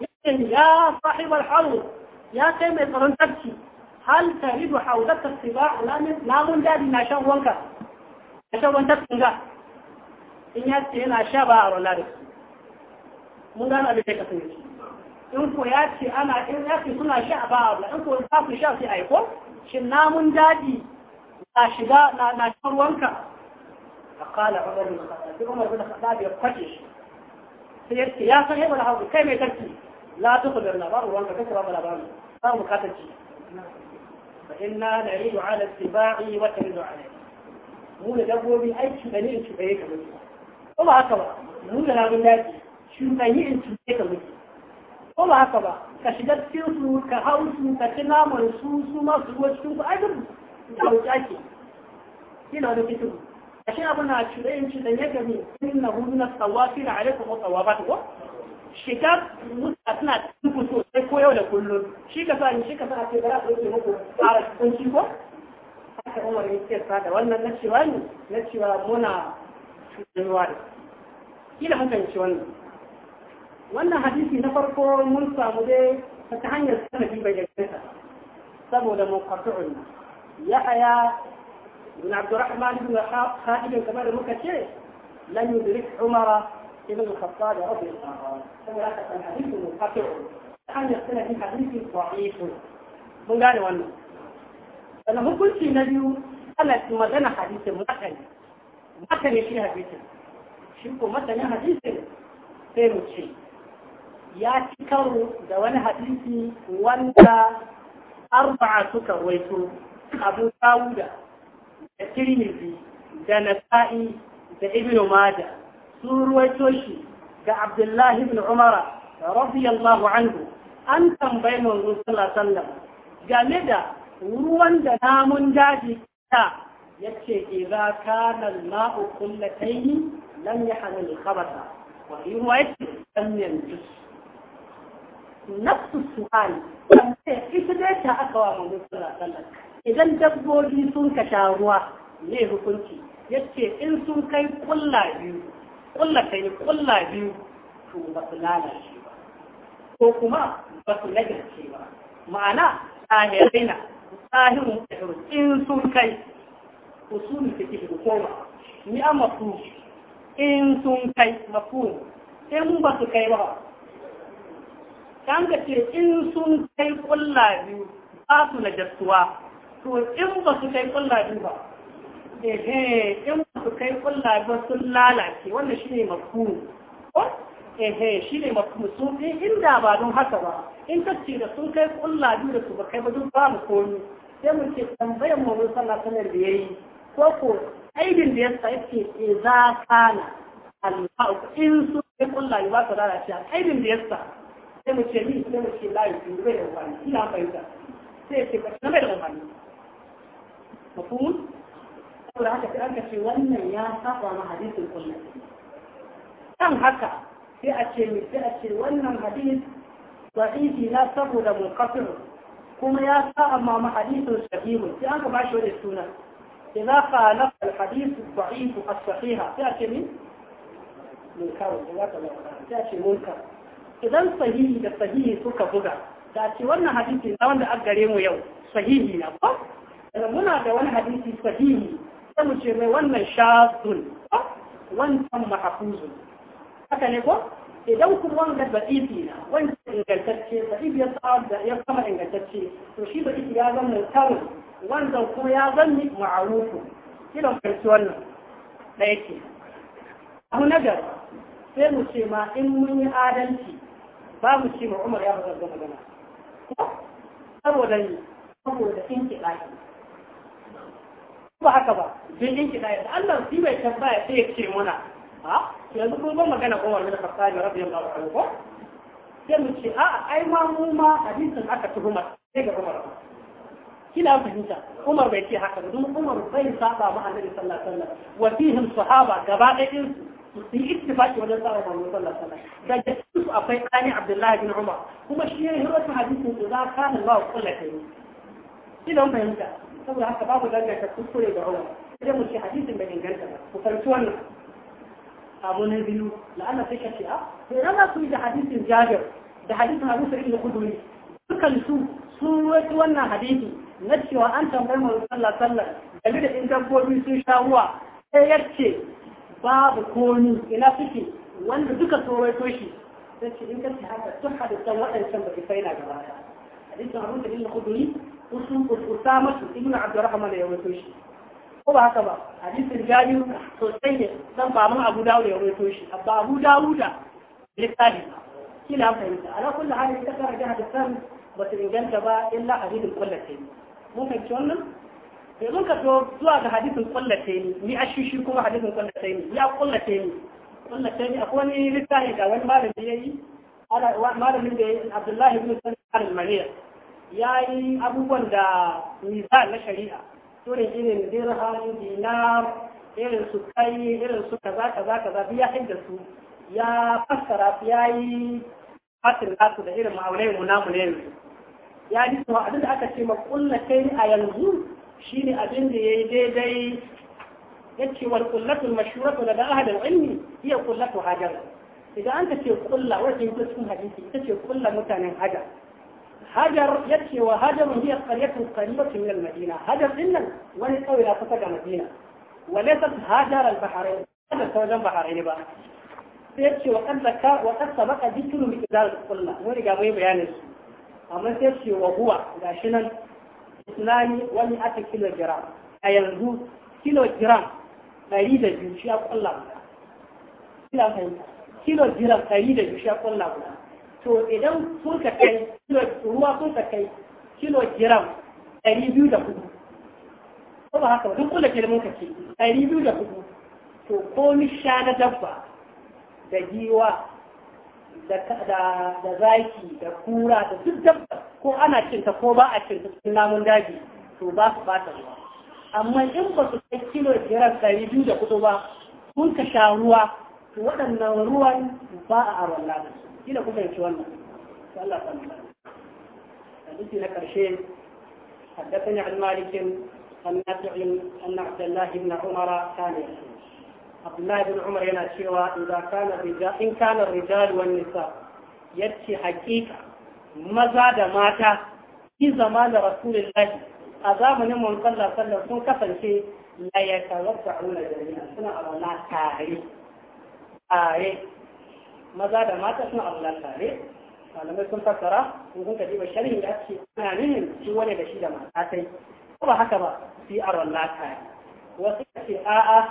yace ya sahibul hawl ya kai mai tsaron sarki hal taridu hawlaka tiba alamin namun dadi na shan wanka na shan wanka tinga in ya ce yana sha ba a rola mun gano abin da ya kasance in ya ce ana in ya ce suna sha ba in ko ba su sha sai aiko shin namun dadi أحداء لا نشكر ruwanka فقال عمر بن الخطاب عمر بن الخطاب يفتش سيرتي يا صاحب الحوض كيف يتركي لا تخبرنا النظر وانت كسر ولا بار صار مكاتبتي فإنا نعيد على السباع وترد عليه مو لدبو بي أي شبني انت بيك مني وما هكذا مو لنا من ناجي شبني انت بيك مني وما هكذا كشدت سيوسو كهاوسو كتنام ونسوسو ما سوى الشوف أجل da wuce da wani fitin ashe abin na cuɗayin cuɗan ya gami inna hunna tsawafi na alaikum wa tsawafatu ko shiga mutane suna tuku sosai ko yau da kullum shi ka sa ni shi ka sa ce ba za a ɗauke muku tsara kunci ko haka umar ya ce da wannan na cewa ne na cewa muna cuɗewa da kila mun fahimci wannan wannan hadisi na farko mun samu dai ta hanyar sanadi bai gaggata saboda mun kwartu'un yahaya ibn abdurrahman ibn khalid ibn kamar muka ce lan yudrik umara ibn khattab rabbi an yasana fi hadithin sahih mun gane wannan sannan hukunci na biyu ana ci magana hadisi makani makani shi hadisi shi ko makani hadisi sai mu ce ya cikar da wani hadisi wanda arba'a suka waito abu dawuda da tirmidhi da nasa'i da ibnu maja sun ruwaito shi ga abdullahi ibn umara radiyallahu anhu an tambayi manzo sallallahu alaihi game da ruwan da namun daji ta yace idza kana al-ma'u qullatayn lam yahmil khabatha wa fi ruwayati lam yanjus nafsu su'al ita dai ta aka wa manzo sallallahu alaihi idan dabbobi sun ka sha ruwa ne hukunci ce in sun kai kulla biyu kulla kai kulla biyu to ba su lalace ba ko kuma ba su nagarce ba ma'ana tsahirai na tsahirin in sun kai usulu take hukuma ni a mafu in sun kai mafu in ba su kai ba kan ka ce in sun kai kulla biyu ba su nagartuwa to in ba su kai kullabi ba ehe in ba su kai kullabi ba sun lalace wannan shine mafhum ehe shine mafhum sun fi inda ba don haka ba in kace da sun kai kullabi da su ba kai ba duk babu komi. sai mu ce tambayar mu mun sallah sanar da yayi ko ko aidin da ya sa yake idza e, kana al-haq in sun kai kullabi ba su lalace aidin da ya sa sai mu ce ni sai mu ce la yi bai da wani ina fahimta sai ce ba sanar da wani مفهوم أقول عكا تأكد في وانا يا صفا ما حديث الكل كم نعم، حكا في أشي من في أشي وانا الحديث ضعيفي لا تقول منقطع كما يا صفا ما حديث الشهيم في أنك ما شو رسونا إذا خالف الحديث الضعيف الصحيح في أشي من منكر في أشي منكر إذا الصحيح الصحيح سكا بغا تأتي وانا حديث لا وانا أقريم يوم صحيح يا muna da wani hadisi sahihi sai mu ce mai wannan shazun wancan mahfuzun haka ne ko idan ku wanda da'ifi na wancan ingantacce da'ifi ya sa'ad da ya kama ingantacce to shi da'ifi ya zan mutarun wanda kuma ya zan ni ma'arufu kiran farki wannan da yake abu na gari sai mu ce ma in mun yi adalci ba mu ce ma umar ya bazar da magana saboda ni saboda in ki ba haka ba sun yin kiɗa yadda Allah shi bai tambaya sai ya ce muna a yanzu ko zo magana ko wani Umar bin Khattab radiyallahu anhu ko sai mu ce a'a ai ma mu ma hadisin aka tuhuma sai ga Umar kila fahimta Umar bai ce haka ba domin Umar bai saba ma Annabi sallallahu alaihi wasallam wa fihim sahaba gaba ɗayan su sun yi ittifaki wajen tsara da Annabi sallallahu alaihi wasallam daga su akwai ɗani Abdullahi bin Umar kuma shi ya yi rasu hadisin da za ka nan ba kullace ina fahimta saboda haka babu danganta kuskure da rawa sai mu ce hadisin bai inganta ba ku fahimci wannan abu na biyu la'alla sai ka ce a ah, sai rana su da hadisin jabir da hadisin abu sa'id na kuduri dukkan su sun roki wannan hadisi na cewa an tambayi mu sallah sallah game da in dabbobi sun sha ruwa sai ya ce babu komi ina suke wanda duka sun roki shi sai ce in ka ce haka sun hadisan waɗancan ba ki faina gaba ɗaya hadisin abu sa'id na kuduri usama ibn abdurrahman ya rawaito shi ko ba haka ba hadisin jabir sosai ne dan baban abu dawud ya rawaito shi abba abu dawud littafi kila fahimta ala kulli hali ta kara da hadisan ba su inganta ba illa hadisin kullatai mun fahimci wannan yanzu ka zo zuwa ga hadisin kullatai ne ni ashishi kuma hadisin kullatai ne ya kullatai ne kullatai ne akwai wani littafi da wani malami ya yi malamin da ya yi abdullahi ibn sanar al-mariya ya yi abubuwan da misal na shari'a ne irin dirham dinar irin su kai irin su kaza kaza kaza biya inda su ya fassara ya yi fatin nasu da irin ma'aunai mu namu ne yanzu ya ji kuma abin da aka ce ma kulla kai a yanzu shine abin da ya yi daidai yace wal qullatul mashhuratu lada da al ilmi iya kullatu hajar idan an ta ce kulla wajen cikin hadisi ita ce kulla mutanen hajar hajar ce wa hajar hiya qaryatun qaribatun min al-madina hajar dinnan wani kauye da kusa ga madina walaysat hajar al-bahrain hada sauran bahrain ba sai yace wa qad zaka wa qad sabaqa dhikru miqdar al-qulla mun riga mai bayanin su amma sai ce wa huwa gashi nan islami wani ata jiran a yanzu kilogram ɗari da biyu shi a kilo jiran da biyu shi a guda to idan sun ka kai kilo ruwa sun ka kai kilo giram ɗari biyu da kudu ko ba haka ba duk kula kilo mun ka ce ɗari biyu da kudu to ko sha na dabba da giwa da zaki da kura da duk dabba ko ana cinta ko ba a cinta cikin namun daji to ba su bata ruwa amma in ba su kai kilo jiran ɗari biyu da kudu ba kun ka sha ruwa to waɗannan ruwan ba a arwalla da su kila kuma fahimci wannan to Allah ta nuna hadisi na karshe حدثني عن مالك an نافع أن عبد الله بن عمر كان يقول عبد الله بن yana cewa idan kana rijal in kana rijal wan nisa yace hakika maza da mata fi zamanin rasulullahi a zamanin mun alaihi wasallam sun kasance la yatawaffa'una jami'a suna alwala tare tare maza da mata suna abu da tare malamai sun fassara sun kun kaji ba sharhin da ake ana nuhin shi wani da shi da mata sai ko ba haka ba fi yi arwalla tare wasu ce a'a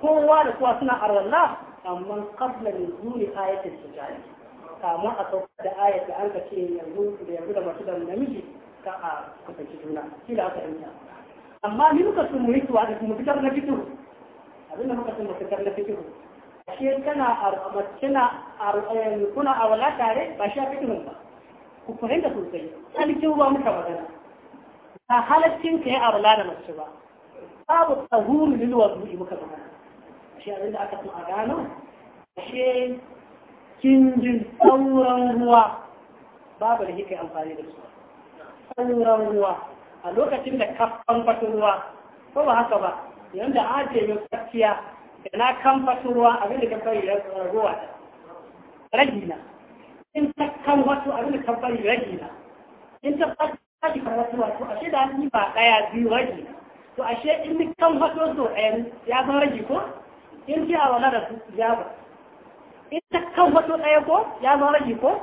kowa da kowa suna arwalla amma kabla min zuri ta sujud kamar a sauka da ayat da an ka ce yanzu da yanzu da masu da namiji ka a kusanci juna shi da aka yanka, amma ni muka sun mu yi tuwa da mu fitar na fikiru abinda muka sun mu na fikiru ashe kana kina eh, kuna a wala tare ba shi a fikihun ba ku fahimta sosai tsarkin ruwa muka magana ba halaccin ka yi arla da mace ba babu tsahuru lilwa zuwi muka magana ashe abin da aka fi a gano ashe kin ji sauran ruwa babu da kika amfani da su sauran ruwa a lokacin da kafan fatin ruwa ko ba haka ba yanda ajiye mai kwakiya na kan ruwa abin da kan fari ruwa ragi in ta kan wasu abin da kan fari ragina. in ta fari kan wasu wasu ashe da ni ba daya biyu ragina. to ashe in ni kan wasu so ɗayan ya zan ragi ko in ji a wala da su ya ba in ta kan wasu ɗaya ko ya zan ragi ko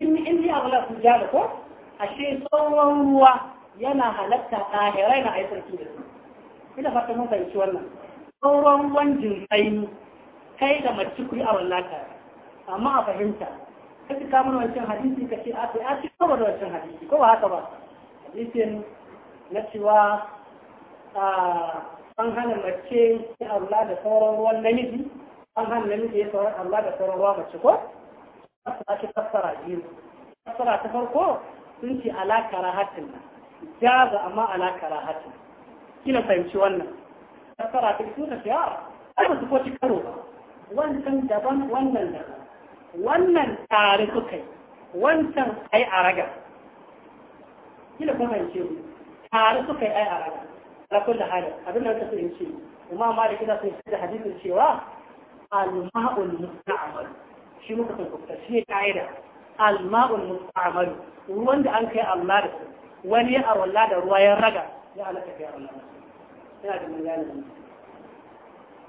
in in ji a wala su ya ba ko ashe tsawon ruwa yana halatta ɗahirai na da su. ina fata mun fahimci wannan sauran wanjin tsaini kai da mace ku yi a wallaka amma a fahimta kaji kamar wancan hadisi ka ce a sai a ci kawar wancan hadisi ko ba haka ba hadisin na cewa an hana mace ya Allah da sauran ruwan namiji an hana namiji ya sauran Allah da sauran ruwa mace ko a ake fassara biyu fassara ta farko sun ce alakara hatin nan jaza amma alakara hatin kina fahimci wannan fassara ta su da shiyar ai su ko ci karo wancan daban wannan daban wannan tare suka yi wancan ai a raga kila kuma in ce tare suka yi ai a raga ala kulli halin abin da kake in ce imam malik da sai da hadisin cewa al-ma'ul musta'mal shi muka san kuma shi ne kaida al-ma'ul musta'mal ruwan da an kai Allah da wani ya arwalla da ruwa ya raga ya alaka ya Allah ina da mun gane mun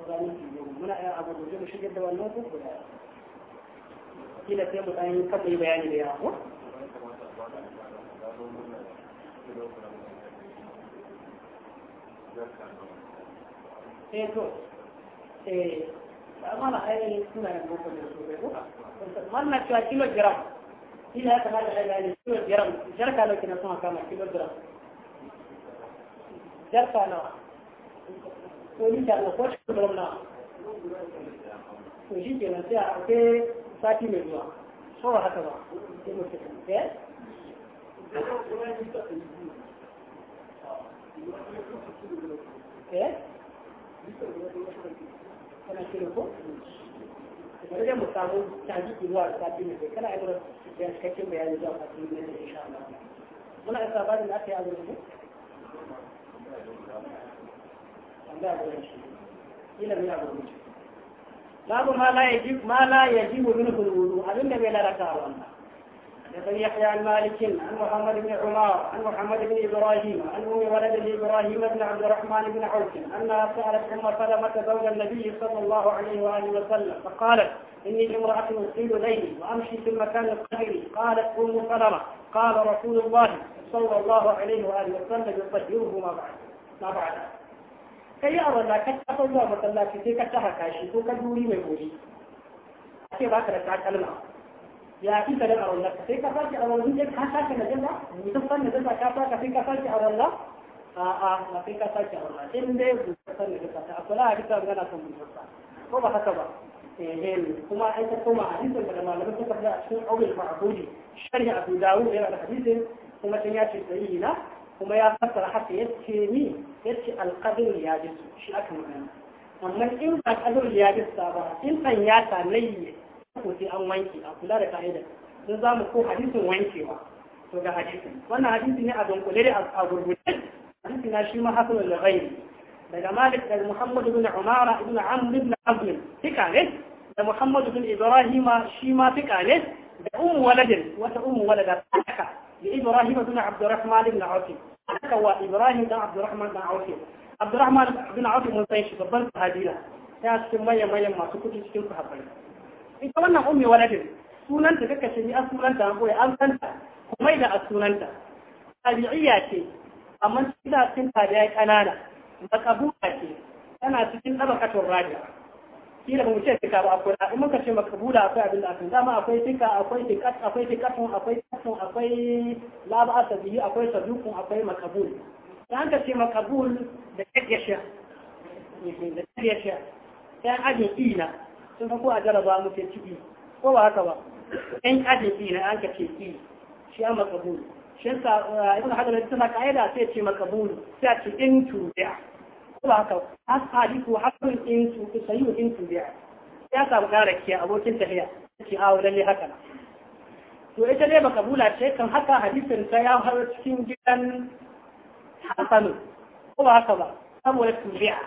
ranar kiyo muna ya abu da mu shigar da wannan ko guda kila sai mu dan yi kafa bayani da yawa eh to eh mana ai suna da mutum da su ko wannan cewa kilogram kila ya kamata da gani kilogram jarka lokacin sama kama kilogram jarka nawa wani da na kwashe shi a eh? Eh? da da aka yi لا باب ما لا يجب ما لا يجب منه الوضوء هذا النبي لا ركار حدثني يحيى عن مالك عن محمد بن عمار عن محمد بن ابراهيم عن ام ولده ابراهيم بن عبد الرحمن بن عوف انها سالت ام سلمه زوج النبي صلى الله عليه واله وسلم فقالت اني امراه اطيل ليلي وامشي في المكان القدري قالت ام سلمه قال رسول الله صلى الله عليه واله وسلم يطهرهما بعد ما بعد kai yi awalla ka tafa zuwa masallaci sai ka taha kashi ko ka duri mai goshi a ce baka da takalma ya fi ka da awalla sai ka sake awalla sai ka sake na jalla ka san na jalla ka sake sai ka sake awalla a'a na sai ka sake awalla in dai ka san na jalla ta akwai a bisa magana kan mutunta ko ba haka ba kuma an ta koma a hadisin da malamai suka fi a cikin aure ma'abudi sharhi abu dawud yana da hadisin kuma sun ya ce sahihi na kuma ya fassara haka ya ce ni ya ce alƙadar ya ji su shi aka magana amma in ba alƙadar ya ji sa ba in san ya ta layi ko sai an wanke a kula da ka'idar sun za mu ko hadisin wankewa to ga hadisin wannan hadisi ne a dunkule da a gurgurde hadisi na shi ma hasanul ghaib daga malik da muhammad ibn umara ibn amr ibn azm fika ne da muhammad ibn ibrahima shi ma fika ne da ummu waladin wata ummu walada haka لإبراهيم بن عبد الرحمن بن عوف haka wa Ibrahim dan Abdurrahman dan Auf Abdurrahman bin Auf mun san shi babban sahabi ne ta cikin manyan manyan masu kuɗi cikin sahabbai ita wannan ummi waladin sunanta kaka shi ni asunanta an koyi an santa kuma da asunanta tabi'iyya ce amma tana cikin tabi'a kanana makabuka ce tana cikin dabakatun rabi'a kila ba mu ce fika ba akwai in muka ce maka bula akwai abin da akan dama akwai fika akwai fikat akwai fikatun akwai katun akwai labasa biyu akwai sadukun akwai makabul dan ka ce makabul da kake shi da kake shi dan aje ina sun ko a jaraba mu ce ciki ko ba haka ba in aje ina an ka ce ki shi makabul shi sa uh, ibn hadar tsaka kaida sai ce makabul sai ce in tubi'a ba haka ashabiku hakkun insu kusayu insu biya ya samu karakiya abokin tahiya ce awo lalle haka na to ita dai baka bula ce kan haka hadisin ta ya har cikin gidan hasanu ko ba haka ba saboda tubi'a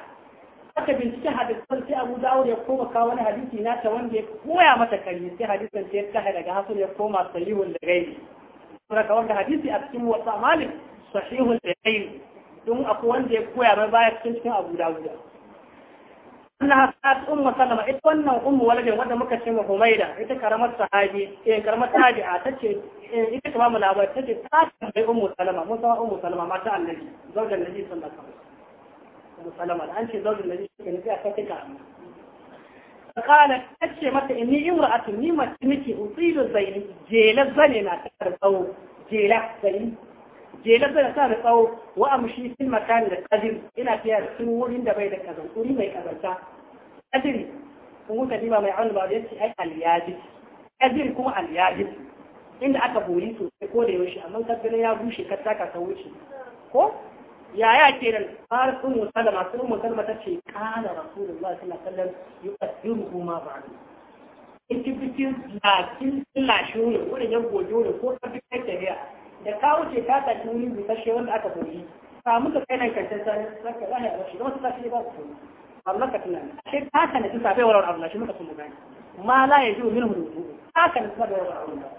aka bincike hadisan sai Abu Dawud ya koma kawo wani hadisi na ta wanda ya koya mata kari sai hadisin sai ya tahe daga hasan ya koma sahihul da gaibi saboda wanda hadisi a cikin wasa malik sahihul da gaibi don akwai wanda ya koya mai baya cikin cikin abu da guda annaha sa'at umma salama ita wannan ummu waladin wanda muka ce mu humaida ita karamar sahabi eh karamar sahabi a tace eh, ita kuma mu labar tace ta tambayi umma salama mun san umma salama mata annabi zaujin nabi sallallahu alaihi wasallam ummu an ce zaujin nabi ne sai aka tika قالت تشي متى إني امرأة نيمة نكي أصيل الزين جيلة زنينا ta أو jela zaini jelar da sa da tsawo wa amshi fil makani da qadir ina da cikin wurin da bai da kazan wuri mai kazanta qadir kun wuta dima mai aunu ba yace ai aliyajis qadir kuma aliyajis inda aka bori sosai ko da yaushe amma kaddana ya bushe ka taka ka wuce ko yaya ke nan har sun musalama sun musalama ta ce kana rasulullahi sallallahu alaihi wasallam yuqaddiru ma ba. in kibitin kin lashu ne wurin yan gojo ne ko kafin kai ta da ka wuce ka tafi wuri busasshe wanda aka koyi ka muka kai nan karshen sani zaka zahi a shi zama tashi ba su Allah ka tunani ashe ka kana tun sabai warar Allah shi muka sun bugani ma la ya ji min hudu ka kana tun sabai warar Allah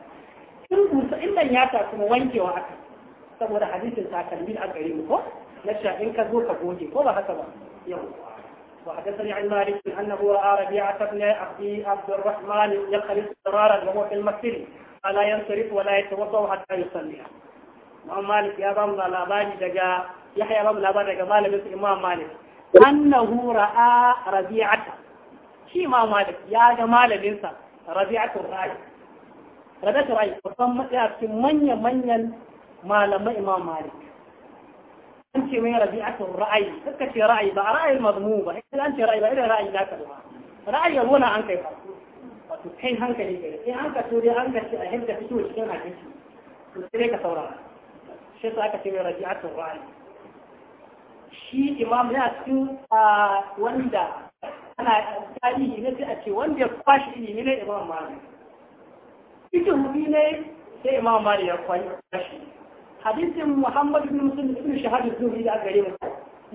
in busa in ban ya ta kuma wankewa aka saboda hadisin takalmin a gare mu ko na sha in ka zo ka goge ko ba haka ba yau وحدثني عن مالك انه راى ربيعه بن عبد الرحمن يخلص اضطرارا وهو في المسجد فلا ينصرف ولا يتوضا حتى يصلي ما مالك يا رب لا باجي دجا يحيى رب لا باجي قال مالك امام مالك انه راى ربيعه شي امام مالك يا جمال مالك ربيعه الراي ربيعه الراي فصم يا منيا منيا مالما امام مالك أنت من ربيعة الرأي فكتي رأي بقى رأي المضمومة أنت رأي بقى رأي ذاك الرأي رأي هنا انت to kai hankali kai in an ka so dai an gaci a yadda fito cikin hadisi to sai ka saurara shi sa aka ce mai raji'atun ra'ayi shi imam ne a cikin wanda ana tarihi ne sai a ce wanda ya kwashi ilimi ne imam malik ita hudu ne sai imam malik ya kwashi hadisin Muhammadu ibn muslim ibn shahadu zuhri da gare mu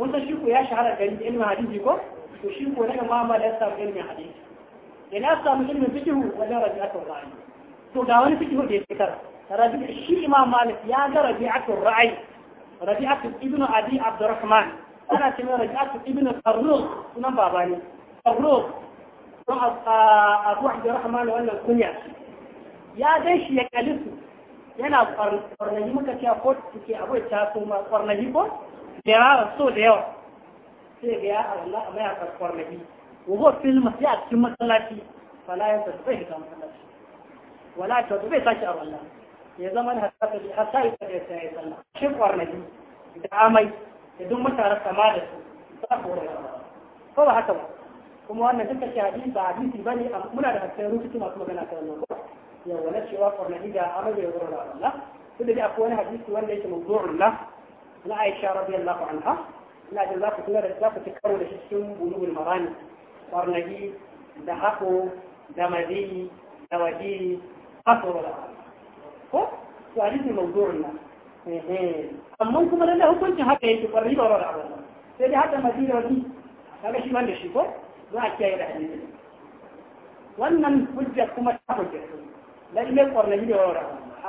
mun san shi ko ya shahara gari ilmin hadisi ko to shi ko na imam malik ya samu ilmin hadisi ina samu ilmin fikihu wajen rabi'atul ra'ayi to ga wani fikihu da ya fitar rabi'a shi imam malik ya ga rabi'atul ra'ayi rabi'atul ibnu abi abdurrahman ana cewa rabi'atul ibnu qarnus sunan baba ne qarnus don abu abdurrahman wannan kunya ya gan shi ya kalisu yana kwarnayi muka cewa ko suke abu ya taso ma kwarnayi ko da yawa so da yawa sai ga ya Allah amma ya kwarnayi وهو a cikin ثم صلاتي فلا يستطيع كما صلاتي ولا تطبيع تشعر الله يا زمن حتى حتى يتجسد الله شوف ورنجي da amai da duk mutane sama da su za ku wani ko ba haka ba kuma wannan duka ce hadisi ba hadisi bane muna da hasken rubutu masu magana kan wannan yau wala cewa kwarnani da amai bai zura da Allah duk da akwai wani hadisi wanda yake mawdu'un la na Aisha radiyallahu anha ina jin za ku tuna da za ku ci karo da shi cikin bulugul marani barnagi da hako da madi da waje asoro da ko to hadisi mawdu'un nan amma kuma lalle hukuncin haka yake barri ba wala abu sai dai hada madi da waje kaga shi wanda shi ko za a kiyaye da hadisi wannan hujja kuma ta hujja lalle barnagi da wala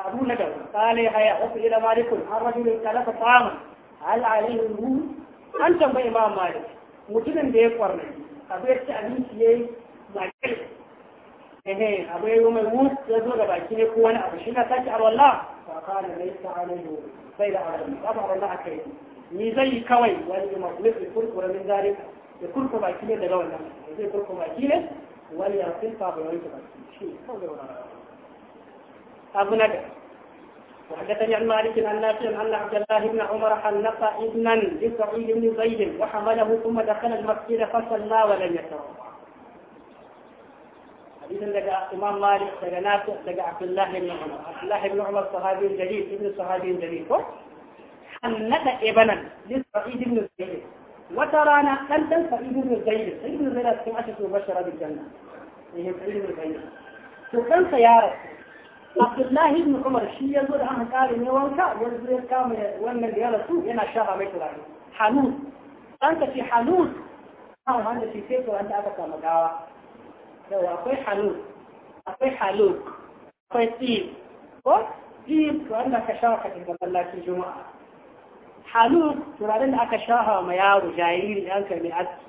abu na da kale haya wasu ila malikul har rajulun talaka fama hal alaihi an tambayi ma malik mutumin da ya kwarnaki abu ya ci abinci ya yi bakin ehe abu ya yi mai wut ya zo da baki ne ko wani abu shi na sake arwalla ba ka da mai ta alayo sai da arwalla ba ba arwalla aka yi ni zai yi kawai wani makulis ya kurkura min zare ka. ya kurka baki ne daga wannan zai kurka baki ne wani ya filfa ba ya wanke baki shi kawai da wani abu na da وحدثني عن مالك عن نافع ان عبد الله بن عمر حلق ابنا لسعيد بن زيد وحمله ثم دخل المسجد فصلى ولم يتوضا. حديث لقى امام مالك لقى نافع لقى عبد الله بن عمر، عبد الله بن عمر صحابي جليل ابن صحابي جليل طيب. حلق ابنا لسعيد بن زيد وترانا انت سعيد بن زيد، سعيد بن زيد كم اشهر مبشره بالجنه. إيه، سعيد بن زيد. سكان سيارته abdullahi ibn umar shi ya zo da aka kare ne wanka yanzu ya kama wannan da ya rasu yana shafa mai turare hanun an ka ce hanun an wanda shi sai turan da aka kama gawa yau akwai hanun akwai haluk akwai tsib ko tsib wanda ka shafa ka dinga mallakin juma'a haluk turaren da aka shafa ma yaro jariri an ka mai aski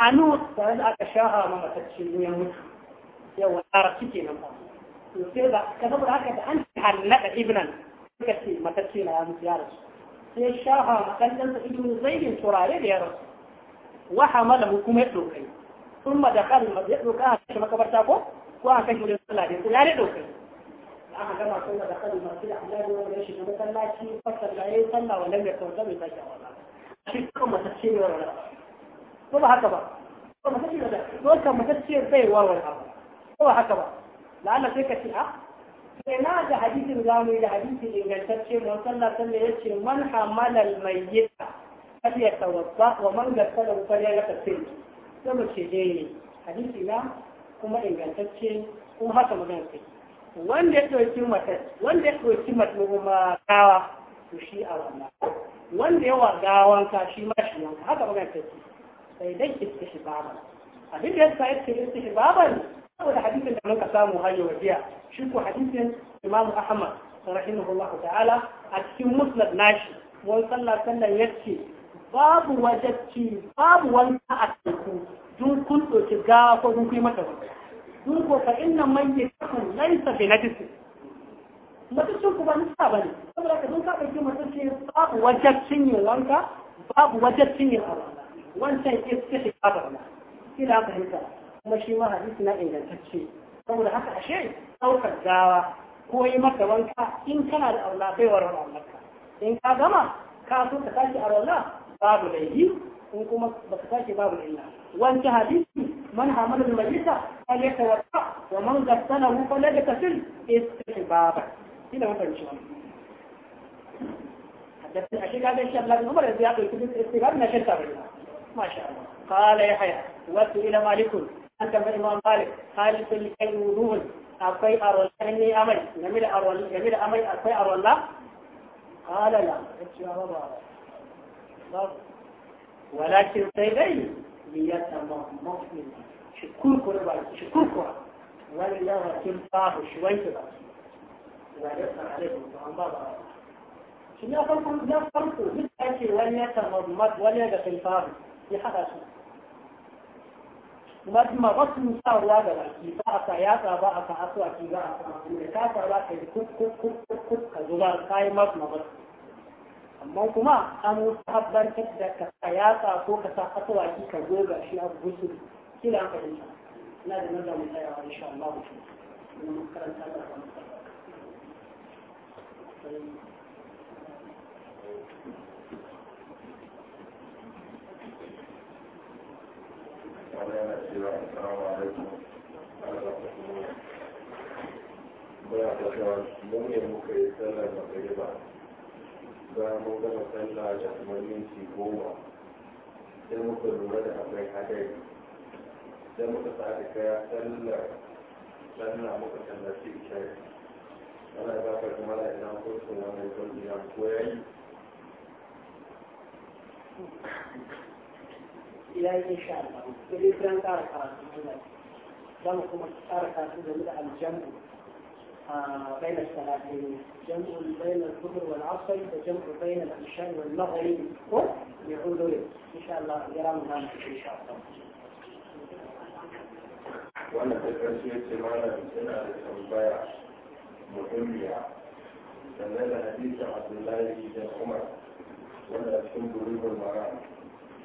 hanun turaren da aka shafa ma matacci ne mutu yau wani ara suke nan ba ba ka saboda haka da an hannada ibnan suka ce matacce na ya mutu ya rasu sai shaha makallansa ibn zaidin turare da ya rasu wa hamala kuma ya dokai sun ma da karin ya doka a kashe makabarta ko ko a kashe wajen sallah da ya ne dokai da aka gama sun da karin masu da Allah ya wani shiga masallaci fasar da ya yi sallah wannan ya kauta mai sake wa ba shi kuma matacce ne wa ko ba haka ba ko matacce ne wa ba ko matacce bai warware ba ko ba haka ba la'alla sai ka ce a ah, sai na ga hadisin zamu yi da hadisin ingantacce mu sallah sallah ya ce man hamala almayyita kada ya tawassa wa man gassala fa ya raka sai sai mu ce dai eh, hadisi na kuma ingantacce kuma haka magana sai wanda ya ɗauki mata wanda ya ɗauki matar gawa to shi a wannan wanda yawa gawan ka shi ma shi yanka haka magana sai sai dai shi baban abin da yasa yake shi baban saboda hadisin da muka samu har yau jiya shi ko hadisin Imam Ahmad rahimahullah ta'ala a cikin musnad nashi wani sallah sallan yace babu wajacci babu wanka a teku dun kun ɗauki gawa ko dun kai mata wanka dun ko fa inna man yakun laysa bi najisin mutuncin ku ba nisa bane saboda ka dun ka ɗauki mutunci babu wajaccin yin wanka babu wajaccin yin wanka wancan istihqaq ne kila fahimta kuma shi ma hadisi na ingantacce saboda haka ashe ɗaukar gawa ko yi maka wanka in kana da aula baiwar aulaka in ka gama ka so ka tashi a aula babu laifi in kuma ba ka tashi babu illa wancan hadisi man hamadu da ta kan ya tawarta wa man gassana hu fa lada da istihbaba ina wannan shi حدثني أشياء قال الشيخ لكن عمر الزياد يكتب استغفار من الشيخ ما شاء الله قال wasu ila malikun. كما الإمام مالك قال في الكل نون أقي أرول أني أمي نميل أرول نميل أمي أقي أرول لا قال لا ولكن طيبين ليتم مؤمن شكر كربا شكر كربا ولله كل صاحب شوي كربا ولكن عليكم الله شنو يا فرقو يا فرقو مش أكل ولا يتم مؤمن ولا يتم صاحب يحرسون kuma kuma wasu sa ruwa da baki ba a sa yatsa ba a sa asuwaki ba a sa kuma da ta sa ba ka yi kukkukkukkukkuk ka zuba ka yi masu na wasu amma kuma an wasu habbar da ka sa yatsa ko ka sa asuwaki ka goga shi a gusu kila an fahimta ina da nan da mu tsayawa insha Allah mu karanta da kuma Thank wani yana cewa assalamu alaikum muna fata mu ne muka yi sallar magariba za mu gama sallah da kuma minti goma sai muka lura da akwai hadari sai muka sa'ada kaya sallar sallah muka sallaci ishari ana ba ka kuma da ina kurkun wannan kurkun ya koyayi إليه إن شاء الله بالإسلام تعرف خلاص جمعكم تعرف خلاص الجمع آه، بين الثلاثين جمع بين الظهر والعصر وجمع بين العشاء والمغرب يعود له ان شاء الله يرام هذا ان شاء الله وانا في الفرسيه معنا سنه البيع مهمه سمعنا حديث عبد الله بن عمر وانا كنت بريد المرام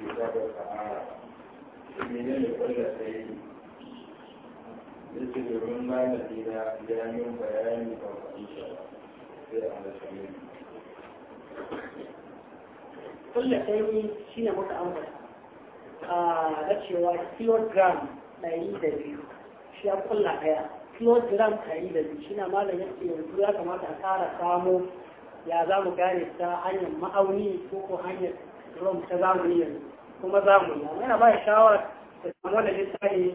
cuta da shi ne sai na a shi ne muka ambata na cewa kilogram ɗari da biyu shi ya kulla ɗaya kilogram ɗari da biyu shi na malam ya ce yanzu ya kamata a kara samo ya za mu gane ta hanyar ma'auni ko ko hanyar rom ta zamani yanzu kuma za mu yi yana ba shawar da samu wannan littafi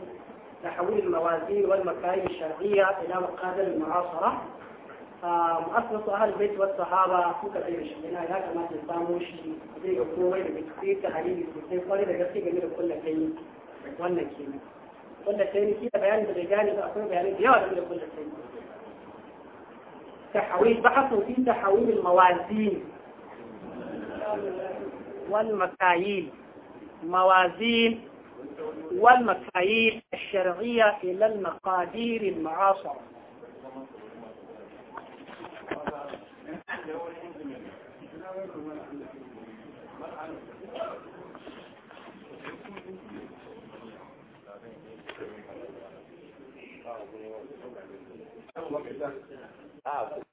da hawul mawazin wal makarim shar'iyya ila maqadar mu'asara mu'assasu ahl bait was sahaba suka kai shi yana ya kamata ya samu shi zai ga komai da gaske ta hadisi sosai kwarai da gaske game da kullu kai wannan kenan wanda sai ni da bayanin da bai gane ba akwai bayanai da yawa game da kullu kai تحويل بحثوا في تحويل الموازين والمكاييل الموازين والمكاييل الشرعية إلى المقادير المعاصرة you. Ah,